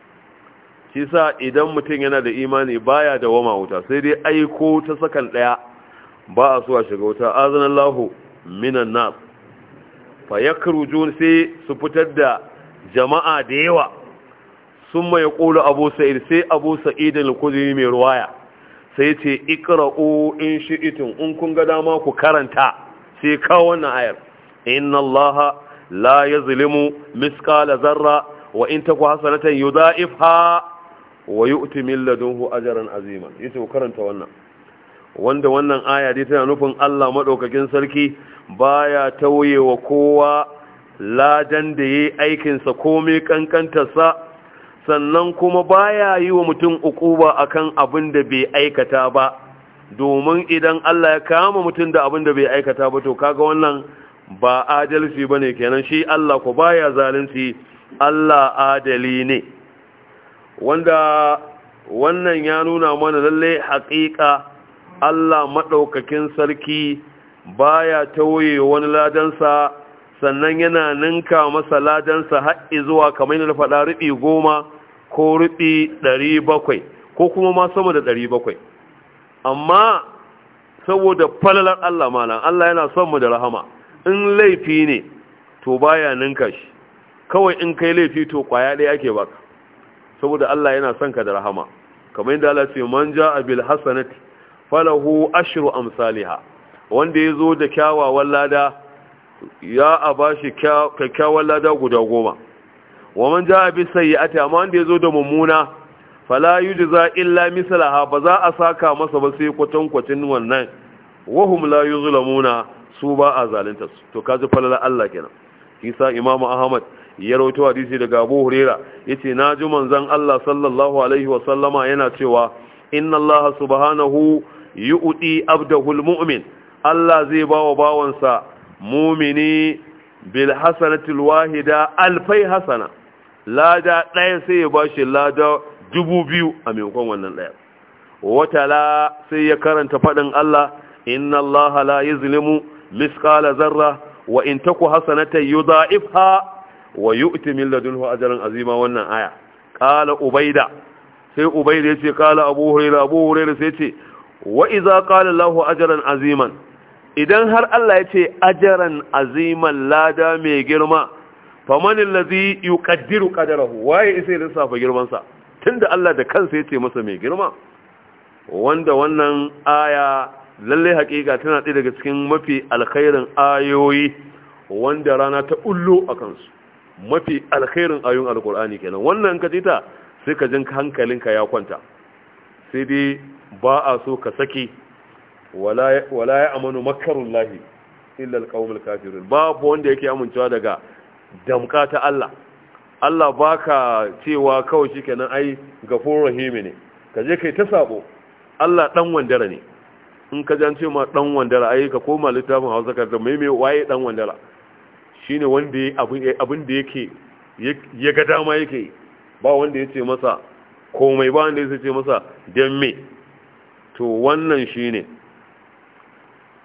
Speaker 1: shi sa idan mutum yana da imani baya da wama wuta sai dai aiko ta sakan daya ba a so a shiga wuta azanallahu minan nas fa yakrujun sai su fitar da jama'a da yawa sun mai ƙulu abu sa'id sai abu sa'id al mai ruwaya sai ce ikra'u in shi itin in kun ga dama ku karanta sai kawo wannan ayar inna allaha la miska miskala zarra wa in ku hasanatan ha? wa yu'ti hu ladunhu ajran azima yace ku karanta wannan wanda wannan aya dai tana nufin Allah maɗaukakin sarki baya wa kowa ladan da yayi aikinsa ko komai kankantarsa sannan kuma baya yi wa mutum ukuba akan abin da bai aikata ba domin idan Allah ya kama mutum da abin da bai aikata ba to kaga wannan ba adalci bane kenan shi Allah ko baya zalunci Allah adali ne wanda wannan ya nuna mana lalle haƙiƙa Allah madaukakin sarki baya tawaye wani ladansa sannan yana ninka masa ladansa har zuwa kamar na faɗa rubi goma ko rubi 700 ko kuma ma sama da ɗari 700 amma saboda falalar Allah malam Allah yana son mu da rahama in laifi ne to baya ninka shi kawai in kai laifi to kwaya ɗaya ake baka saboda Allah yana son ka da rahama kamar yadda Allah ce man ja'a bil hasanati falahu ashru amsalha wanda yazo da kyawawan lada ya a bashi kyawawan lada guda goma wa man a bi sayyi'ati amma wanda yazo da mummuna fala yujza illa mislaha ba za a saka masa ba sai kwatan kwatin wannan wa hum la yuzlamuna su ba a zalunta su to kaji falala Allah kenan isa imamu ahmad ya rawaito hadisi daga abu huraira yace na ji manzan Allah sallallahu alaihi wa sallama yana cewa inna Allah subhanahu yu'ti abdahu almu'min Allah zai bawa bawansa mumini bil hasanati alwahida alfai Hassana. lada ɗaya sai ya bashi lada dubu biyu a maimakon wannan ɗaya watala sai ya karanta faɗin Allah inna Allah la yuzlimu misqala zarra wa in taku hasanatan yudha'ifha wa yu'ti min ladunhu ajran azima wannan aya qala ubaida sai ubayda yace qala abu hurairah abu hurairah sai yace wa idza qala Allahu ajran aziman idan har Allah yace ajran aziman lada mai girma faman allazi yuqaddiru qadarahu waye isa ya lissafa girmansa? sa tunda Allah da kansa ya ce masa mai girma wanda wannan aya lalle haƙiƙa tana ɗaya daga cikin mafi alkhairin ayoyi wanda rana ta ullo a kansu mafi alkhairin ayoyin alkur'ani kenan wannan ka ta sai ka jin hankalinka ya kwanta sai dai ba a so ka saki wala ya amanu makarullahi illa alqawmul kafirun babu wanda yake amincewa daga damka ta Allah Allah baka cewa kawai kenan ai gafurur rahimi ne ka je kai ta sabo Allah dan wandara ne in ka jan ce ma dan wandara ai ka koma littafin Hausa ka ga mai waye dan wandara shine wanda abin abin da yake ya ga dama yake ba wanda ya ce masa komai ba wanda ya ce masa dan me to wannan shine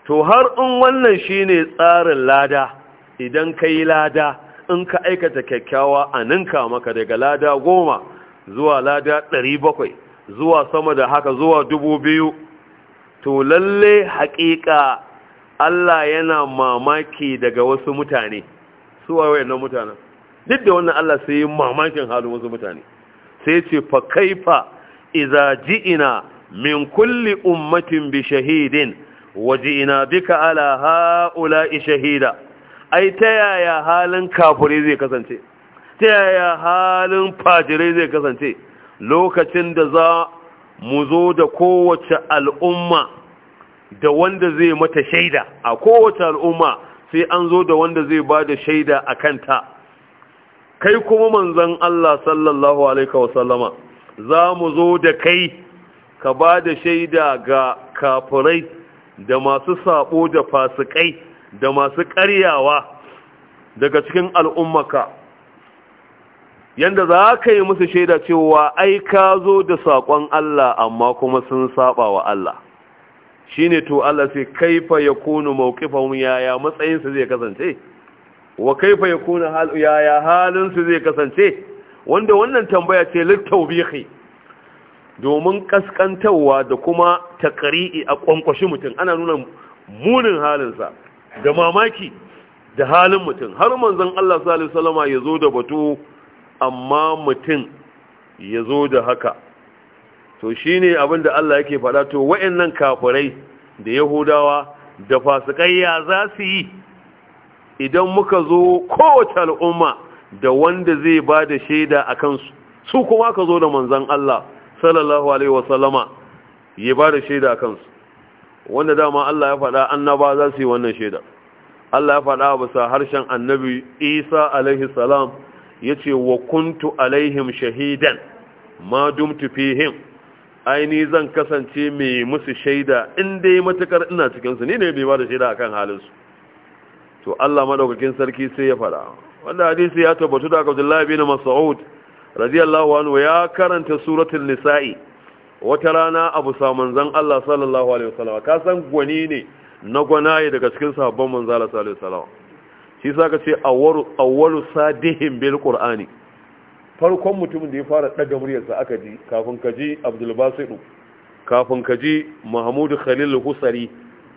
Speaker 1: to har in wannan shine tsarin lada idan kai lada in ka aikata kyakkyawa a ninka maka daga lada goma zuwa lada ɗari bakwai zuwa sama da haka zuwa dubu biyu to lalle haƙiƙa Allah yana mamaki daga wasu mutane su wa wayannan mutanen duk da wannan Allah sai mamakin halin wasu mutane sai ce fa kaifa idza ji'ina min kulli ummatin bi shahidin waji'ina bika ala ha'ula'i shahida ai ta yaya halin kafirai zai kasance ta yaya halin fajirai zai kasance lokacin da za mu zo da kowace al'umma da wanda zai mata shaida a kowace al'umma sai an zo da wanda zai ba da shaida a kanta kai kuma manzan Allah sallallahu alaihi wasallama za mu zo da kai ka ba da shaida ga kafirai da masu sabo da fasikai da masu ƙaryawa daga cikin al'ummaka yadda za ka yi musu shaida cewa ai ka zo da saƙon Allah amma kuma sun saba wa Allah shi ne to Allah sai kaifa ya kunu mawukifan yaya matsayinsu zai kasance wa kaifa ya kunu yaya halinsu zai kasance wanda wannan tambaya ce littaubihi domin kaskantarwa da kuma takari'i a ƙwanƙwashi mutum ana nuna munin halinsa da mamaki da halin mutum har manzon Allah sallallahu alaihi ya zo da batu amma mutum ya zo da haka to shine abin da Allah yake faɗa to nan kafurai da yahudawa da fasikai ya za su yi idan muka zo kowace al'umma da wanda zai ba da shaida a kansu su kuma ka zo da manzan Allah sallallahu alaihi wasallama ya ba da shaida a kansu wanda dama Allah ya faɗa annaba za su yi wannan shaida Allah ya faɗa bisa harshen annabi Isa alaihi salam ce wa kuntu alaihim shahidan ma dumtu fihim aini zan kasance mai musu shaida inda yi matukar ina cikinsu. ni ne bai ba da shaida akan kan halinsu to Allah maɗaukakin sarki sai ya faɗa wanda hadisi ya tabbatu da Abdullahi bin Mas'ud radiyallahu anhu ya karanta suratul nisa'i wata rana abu sa manzan Allah sallallahu alaihi wasallam ka san gwani ne na gwanaye daga cikin sahabban manzon Allah sallallahu alaihi wasallam shi sa ka ce awwalu awwalu bil qur'ani farkon mutumin da ya fara daga muryarsa aka ji kafin ka ji Abdul Basiru, kafin ka ji Mahmud Khalil Husari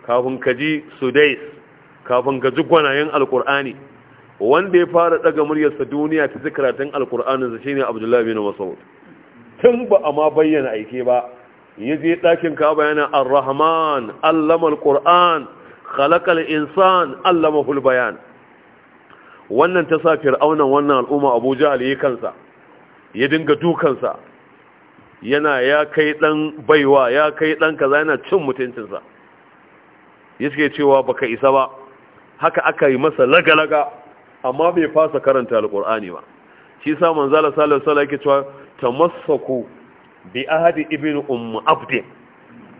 Speaker 1: kafin ka ji Sudais kafin ka ji gwanayen alqur'ani wanda ya fara daga muryarsa duniya ta zikratun alqur'ani shine Abdullahi bin Mas'ud can ba a ma bayyana aike ba ya je ɗakin ka bayana ar-rahman allama quran khalaqal insan allama hul bayan wannan ta sa fir'aunan wannan al'umma Abu Jahl yi kansa ya dinga dukansa yana ya kai dan baiwa ya kai dan kaza yana cin mutuncinsa yake cewa baka isa ba haka aka yi masa lagalaga amma bai fasa karanta alqur'ani ba shi sa manzala sallallahu alaihi yake cewa tamassaku bi ahadi ibn ummu abd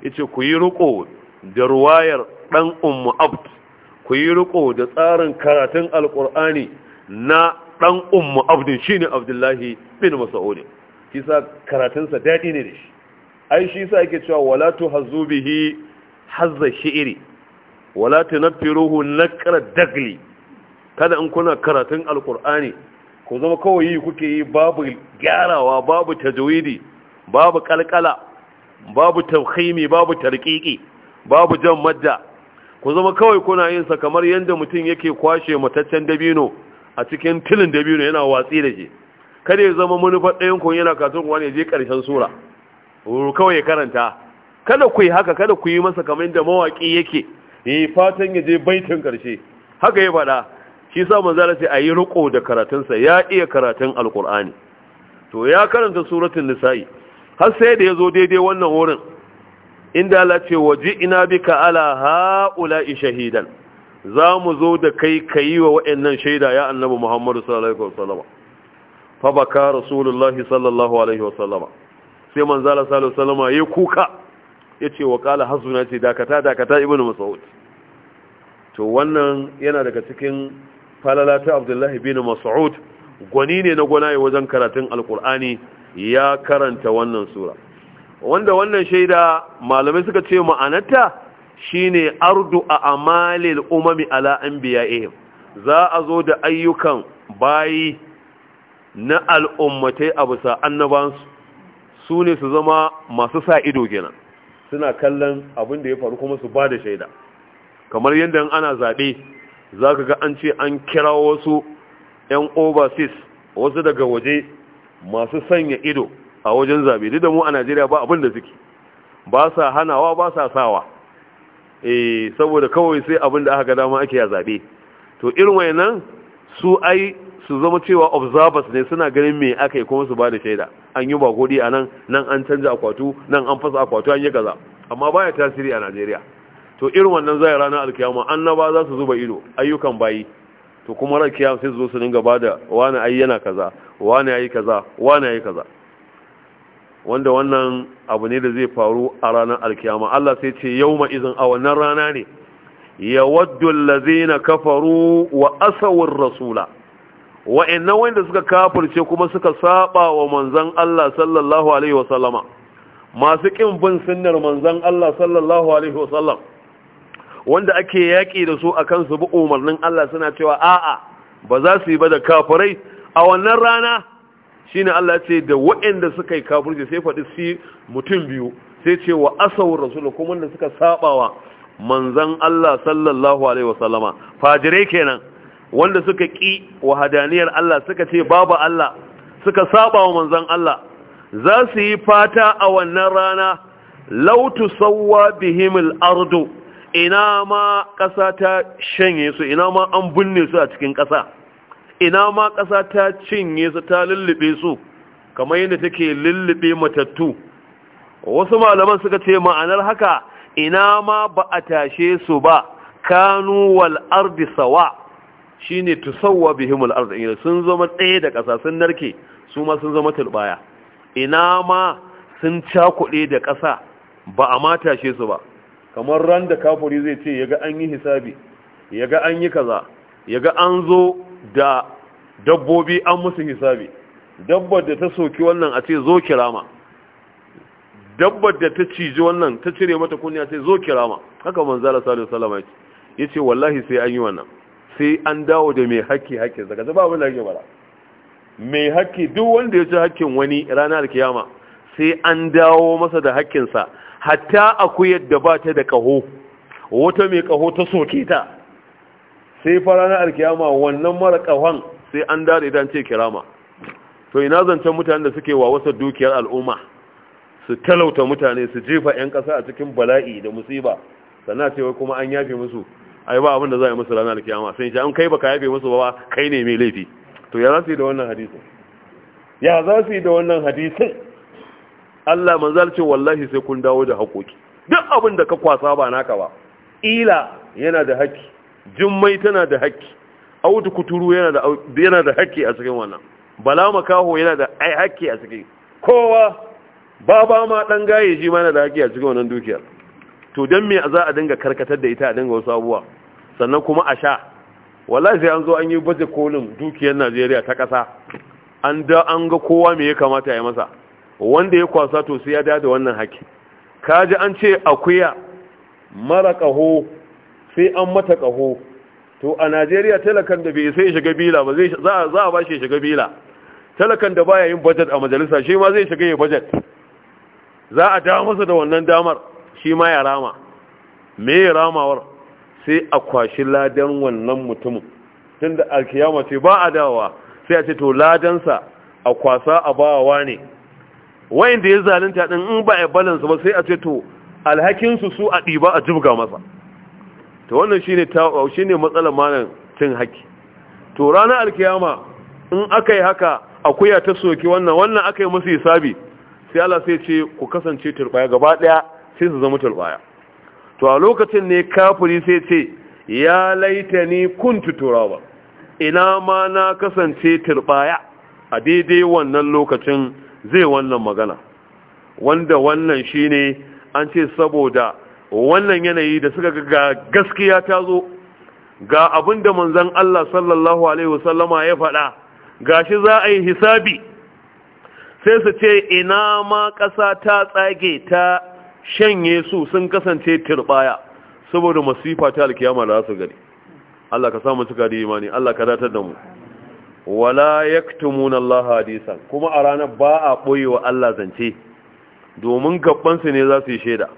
Speaker 1: yace ku yi riko da ruwayar dan ummu abd ku yi riko da tsarin karatun alqur'ani na dan ummu abd shine abdullahi bin mas'ud shi sa karatun sa dadi ne dashi ai shi sa yake cewa wala tuhazzu bihi hazza shi'ri wala tunfiruhu nakra dagli kada in kuna karatun alqur'ani ku zama kawai yi kuke yi babu gyarawa babu tajwidi babu kalkala babu tawkhimi babu tarqiqi babu jan madda ku zama kawai kuna yin sa kamar yanda mutum yake kwashe mataccen dabino a cikin tilin dabino yana watsi da shi kada ya zama manufar ɗayan ku yana kasuwar wani je ƙarshen sura kawai ya karanta kada ku yi haka kada ku yi masa kamar yadda mawaƙi yake yi fatan ya je baitin karshe haka ya faɗa shi sa manzo Allah sai ayi riko da karatunsa, ya iya karatun alqur'ani to ya karanta suratul nisa'i har sai da ya zo daidai wannan wurin inda Allah ce waji ina bika ala ha'ula shahidan za mu zo da kai yi wa wa'annan shaida ya annabi Muhammadu sallallahu alaihi wasallama fa baka rasulullahi sallallahu alaihi wasallama sai manzo Allah sallallahu alaihi wasallama yayi kuka yace wa qala hasuna ce dakata dakata ibnu mas'ud to wannan yana daga cikin falalata abdullahi bin mas'ud gwani ne na gwanaye wajen karatun alkur'ani ya karanta wannan sura wanda wannan shaida malamai suka ce ma'anarta shine ardu a amalil umami ala anbiya'ihim za a zo da ayyukan bayi na al'ummatai a bisa annabansu su ne su zama masu sa ido kenan suna kallon abin da ya faru kuma su ba da shaida kamar yadda ana zaɓe za ka ga an ce an kira wasu 'yan overseas wasu daga waje masu sanya ido a wajen zabe duk da mu a najeriya ba abin da suke ba sa hanawa ba sa sawa e saboda kawai sai abin da aka ga dama ake ya zabe to irin wayannan su ai su zama cewa observers ne suna ganin me aka yi kuma su ba da shaida an yi bagodi a nan nan an canza akwatu nan an fasa akwatu an yi kaza amma baya tasiri a najeriya to irin wannan zai ranar alkiyama annaba za su zuba ido ayyukan bayi to kuma ran kiyama sai su zo su dinga bada wani ayi yana kaza wani ayi kaza wani ayi kaza wanda wannan abu ne da zai faru a ranar alkiyama Allah sai ce yauma izin a wannan rana ne Ya waddu allazina kafaru wa asawur rasula inna wanda suka kafirce kuma suka saba wa manzon Allah sallallahu alaihi sallama masu kin bin sunnar manzon Allah sallallahu alaihi wasallam wanda ake yaƙi da su akan kansu bi umarnin Allah suna cewa a'a ba za su yi ba da kafirai a wannan rana shine Allah ce da waɗanda suka yi kafirci sai faɗi si mutum biyu sai ce wa asawur rasul kuma wanda suka sabawa manzan Allah sallallahu alaihi wasallama fajirai kenan wanda suka ki wahadaniyar Allah suka ce babu Allah suka sabawa manzan Allah za su yi fata a wannan rana lautu sawwa bihimul ardu ina ma ƙasa ta shanye su ina ma an binne su a cikin ƙasa ina ma ƙasa ta cinye su ta lullube su kamar yadda take lullube matattu wasu malaman suka ce ma'anar haka ina ma ba a tashe su ba kanu wal ardi sawa shine tusawwa bihimul ardi sun zama tsaye da ƙasa sun narke su ma sun zama tulbaya ina ma sun cakuɗe da ƙasa ba a ma tashe su ba kamar ran da kafuri zai ce yaga an yi hisabi yaga an yi kaza yaga an zo da dabbobi an musu hisabi dabbar da ta soki wannan a ce zo kirama dabbar da ta ciji wannan ta cire mata kunya ce zo kirama haka manzala sallallahu alaihi wasallam ya ce wallahi sai an yi wannan sai an dawo da mai haƙƙi haƙƙi zaka ba abin da bara mai haƙƙi duk wanda ya ci haƙƙin wani ranar kiyama sai an dawo masa da haƙƙinsa hatta akwai yadda ba ta da kaho wata mai kaho ta soke ta sai na alkiyama wannan mara kahon sai an dare don ce kirama to ina zancen mutanen da suke wa wasa dukiyar al'umma su talauta mutane su jefa 'yan ƙasa a cikin bala'i da musiba sannan cewa kuma an yafe musu ai ba abin da za a yi musu ranar kiyama sai shi an kai baka yafe musu ba kai ne mai laifi to ya za su yi da wannan hadisin ya za su yi da wannan hadisin Allah manzal ce wallahi sai kun dawo da haƙoƙi duk abin da ka kwasa ba naka ba ila yana da haƙƙi jummai tana da haƙƙi audu kuturu yana da yana da haƙƙi a cikin wannan bala makaho yana da ai haƙƙi a cikin kowa baba ma dan gaye shi ma yana da haƙƙi a cikin wannan dukiyar to dan me za a dinga karkatar da ita a dinga wasu abubuwa sannan kuma a sha wallahi sai an zo an yi baje kolin dukiyar Najeriya ta ƙasa an da an ga kowa me ya kamata ya masa wanda ya kwasa to sai ya da da wannan haƙi kaji an ce akuya mara ƙaho sai an mata ƙaho to a najeriya talakan da bai sai shiga bila ba zai, za a ba shi shiga bila talakan da baya yin budget a majalisa shi ma zai shiga ya budget za a dawo masa da wannan damar shi ma ya rama me ya ramawar sai a kwashi ladan wannan mutumin tunda alkiyama ce ba a dawowa sai a ce to ladansa a kwasa a bawa ne wayanda ya zalunta din in ba ya balansa ba sai a ce to alhakin su a ɗiba a jibga masa to wannan shine ta shine matsalar malam cin haki to ranar alkiyama in aka yi haka akuya ta soki wannan wannan aka yi musu hisabi sai Allah sai ce ku kasance turbaya gaba daya sai su zama turbaya to a lokacin ne kafiri sai ce ya laitani kuntu turaba ina ma na kasance turbaya a daidai wannan lokacin zai wannan magana wanda wannan shine an ce saboda wannan yanayi da suka ga gaskiya ta zo ga abin da manzon Allah sallallahu alaihi wasallama ya faɗa ga shi za a yi hisabi sai su ce ina ma ƙasa ta tsage ta shanye su sun kasance turbaya saboda masifa ta alkiyama da za su gani Allah ka samu suka da imani Allah ka datar da mu wala yaktumuna Allah hadisan kuma a ranar ba a wa Allah zance domin gabban su ne za su yi sheda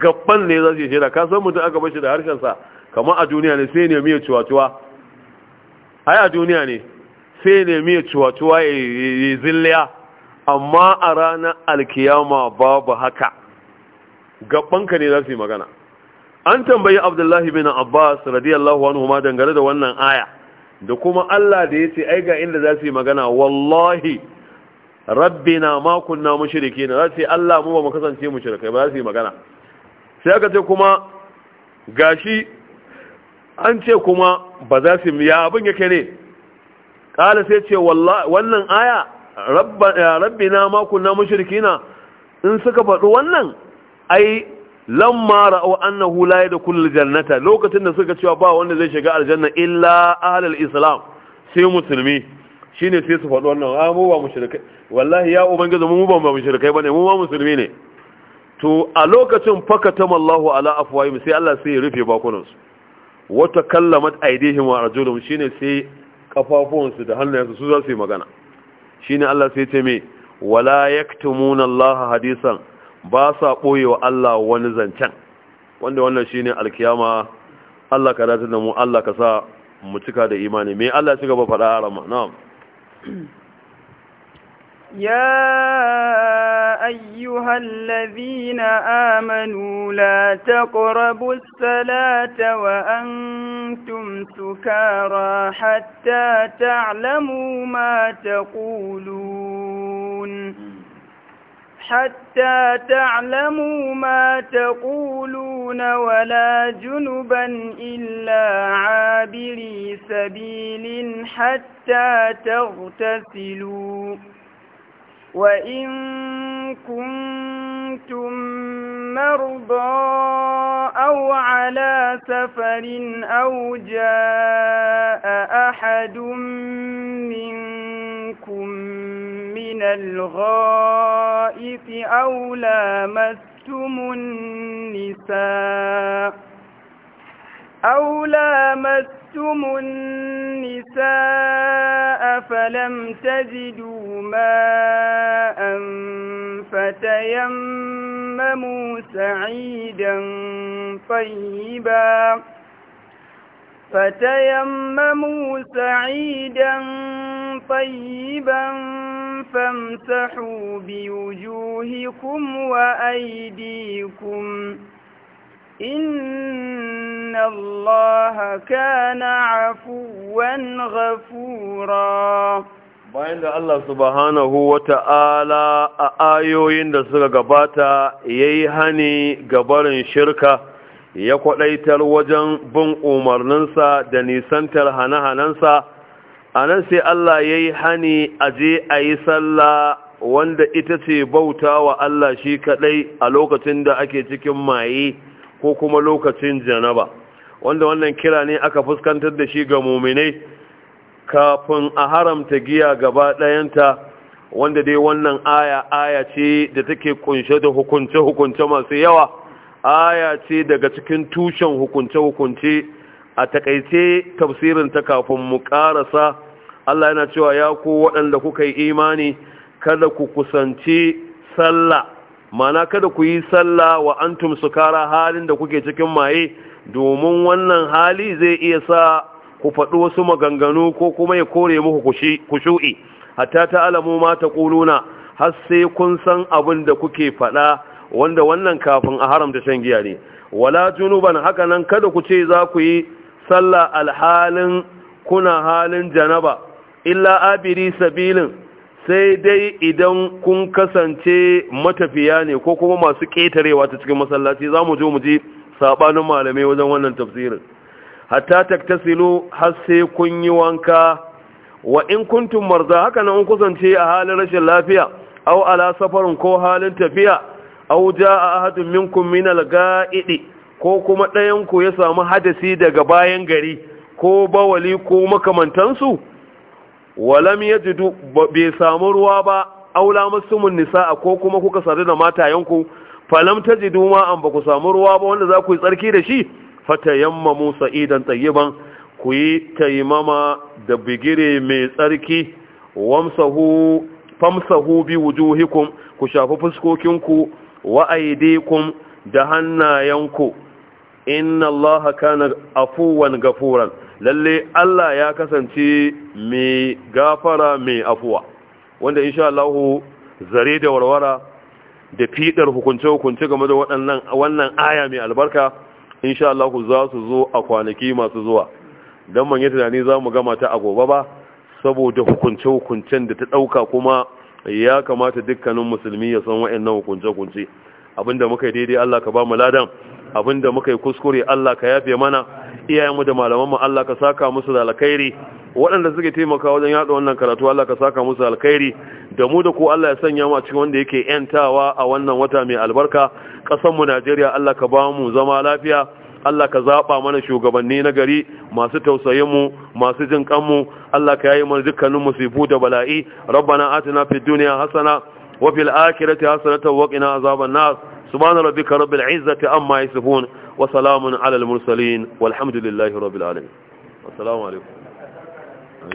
Speaker 1: gabban ne za su yi sheda ka san mutum aka bashi da harshen sa kamar a duniya ne sai ne miye ciwaciwa ai a duniya ne sai ne miye ciwaciwa ya zilliya amma a ranar alkiyama babu haka ka ne za su yi magana an tambayi abdullahi bin abbas radiyallahu anhu ma dangane da wannan aya da kuma Allah da ya ce ai ga inda za su yi magana wallahi rabbina ma kunna mushrikeen za su ce Allah mu ba mu kasance mushrikai ba za su yi magana sai aka ce kuma gashi an ce kuma ba za su ya abin yake ne kala sai ce wannan aya rabbina ma kunna mushrikina in suka faɗi wannan ai lamma ra'aw annahu la kullu jannata lokacin da suka cewa ba wanda zai shiga aljanna illa ahlul islam sai musulmi shine sai su faɗo wannan a ah, mu ba mushrikai wallahi ya ubangiji mu ba mushrikai bane mu ma musulmi ne to a lokacin Allahu ala afwahim sai Allah sai ya rufe bakunansu wata kallamat aidihim wa arjuluhum shine sai kafafuwansu da hannayensu su za su yi magana shine Allah sai ya ce me wala yaktumuna Allah hadisan ba sa ɓoye wa Allah wani zancen wanda wannan ne alkiyama Allah ka dace da mu Allah ka sa mu cika da imani me Allah shi gaba faɗa harama na'am
Speaker 2: يا أيها الذين آمنوا لا تقربوا الصلاة وأنتم سكارى حتى تعلموا ما تقولون حتى تعلموا ما تقولون ولا جنبا إلا عابري سبيل حتى تغتسلوا وإن كنتم مرضى أو على سفر أو جاء أحد منكم من الغائط أو لامستم النساء أو لامستم النساء فلم تجدوا ماء فتيمموا سعيدا طيبا فتيمموا سعيدا طيبا فامسحوا بوجوهكم وأيديكم إن الله كان عفوا غفورا bayan
Speaker 1: da Allah subhanahu wa ta'ala a ayoyin da suka gabata ya yi hani gabarin shirka ya kwaɗaitar wajen bin umarninsa da nisantar hane-hanensa a nan sai Allah ya yi hani a je a yi sallah wanda ita ce bauta wa Allah shi kaɗai a lokacin da ake cikin maye ko kuma lokacin janaba wanda wannan kira ne aka fuskantar da shi ga muminai kafin a haramta giya gaba ɗayanta wanda dai wannan aya aya ce da take kunshe da hukunce-hukunce masu yawa aya ce daga cikin tushen hukunce-hukunce a takaice tafsirin ta kafin mu karasa Allah yana cewa ya ku waɗanda kuka yi imani kada ku kusanci sallah mana kada ku yi sallah wa antum sukara halin da kuke cikin maye domin wannan hali zai iya sa ku faɗi wasu maganganu ko kuma ya kore muku kushu'i hatta ta alamu ma ta ƙuluna har sai kun san abin da kuke faɗa wanda wannan kafin a haramta shan giya ne wala junuban haka nan kada ku ce za ku yi sallah alhalin kuna halin janaba illa abiri sabilin sai dai idan kun kasance matafiya ne ko kuma masu ƙetarewa ta cikin masallaci za mu je mu ji saɓanin malamai wajen wannan tafsirin hatta taktasilu har sai kun yi wanka wa in kuntum marza haka nan kasance a halin rashin lafiya aw ala safarin ko halin tafiya aw jaa ahadun minkum min al-ga'idi ko kuma ɗayan ku ya samu hadasi daga bayan gari ko bawali ko makamantansu walam yajidu bai samu ruwa ba aula musumun nisa'a ko kuma kuka sadu da matayenku falam tajidu ma an ba ku samu ruwa ba wanda za ku yi tsarki da shi musa sa'idan tayyiban ku yi taimama da bigire mai tsarki wamsahu famsahu bi wujuhikum ku shafi fuskokinku wa aidikum da hannayenku inna allaha kana afuwan gafuran lalle Allah ya kasance mai gafara mai afuwa wanda insha Allah zare da warwara da fidar hukunce hukunce game da waɗannan wannan aya mai albarka insha Allah za su zo a kwanaki masu zuwa dan manye tunani za mu gama ta a gobe ba saboda hukunce hukuncen da ta ɗauka kuma ya kamata dukkanin musulmi ya san waɗannan hukunce hukunce abinda muka yi daidai Allah ka ba mu ladan abinda muka yi kuskure Allah ka yafe mana iyayenmu da malamanmu Allah ka saka musu da alkhairi waɗanda suke taimaka wajen yaɗa wannan karatu Allah ka saka musu alkhairi da mu da ku Allah ya sanya mu a cikin wanda yake yantawa a wannan wata mai albarka ƙasarmu Najeriya Allah ka ba mu zama lafiya Allah ka zaɓa mana shugabanni na gari masu mu masu jin kanmu Allah ka yayi mana dukkanin musibu da bala'i rabbana atina fid dunya hasana wa fil akhirati hasanatan wa qina azaban nar subhana rabbika rabbil izzati amma yasifun وسلام على المرسلين والحمد لله رب العالمين السلام عليكم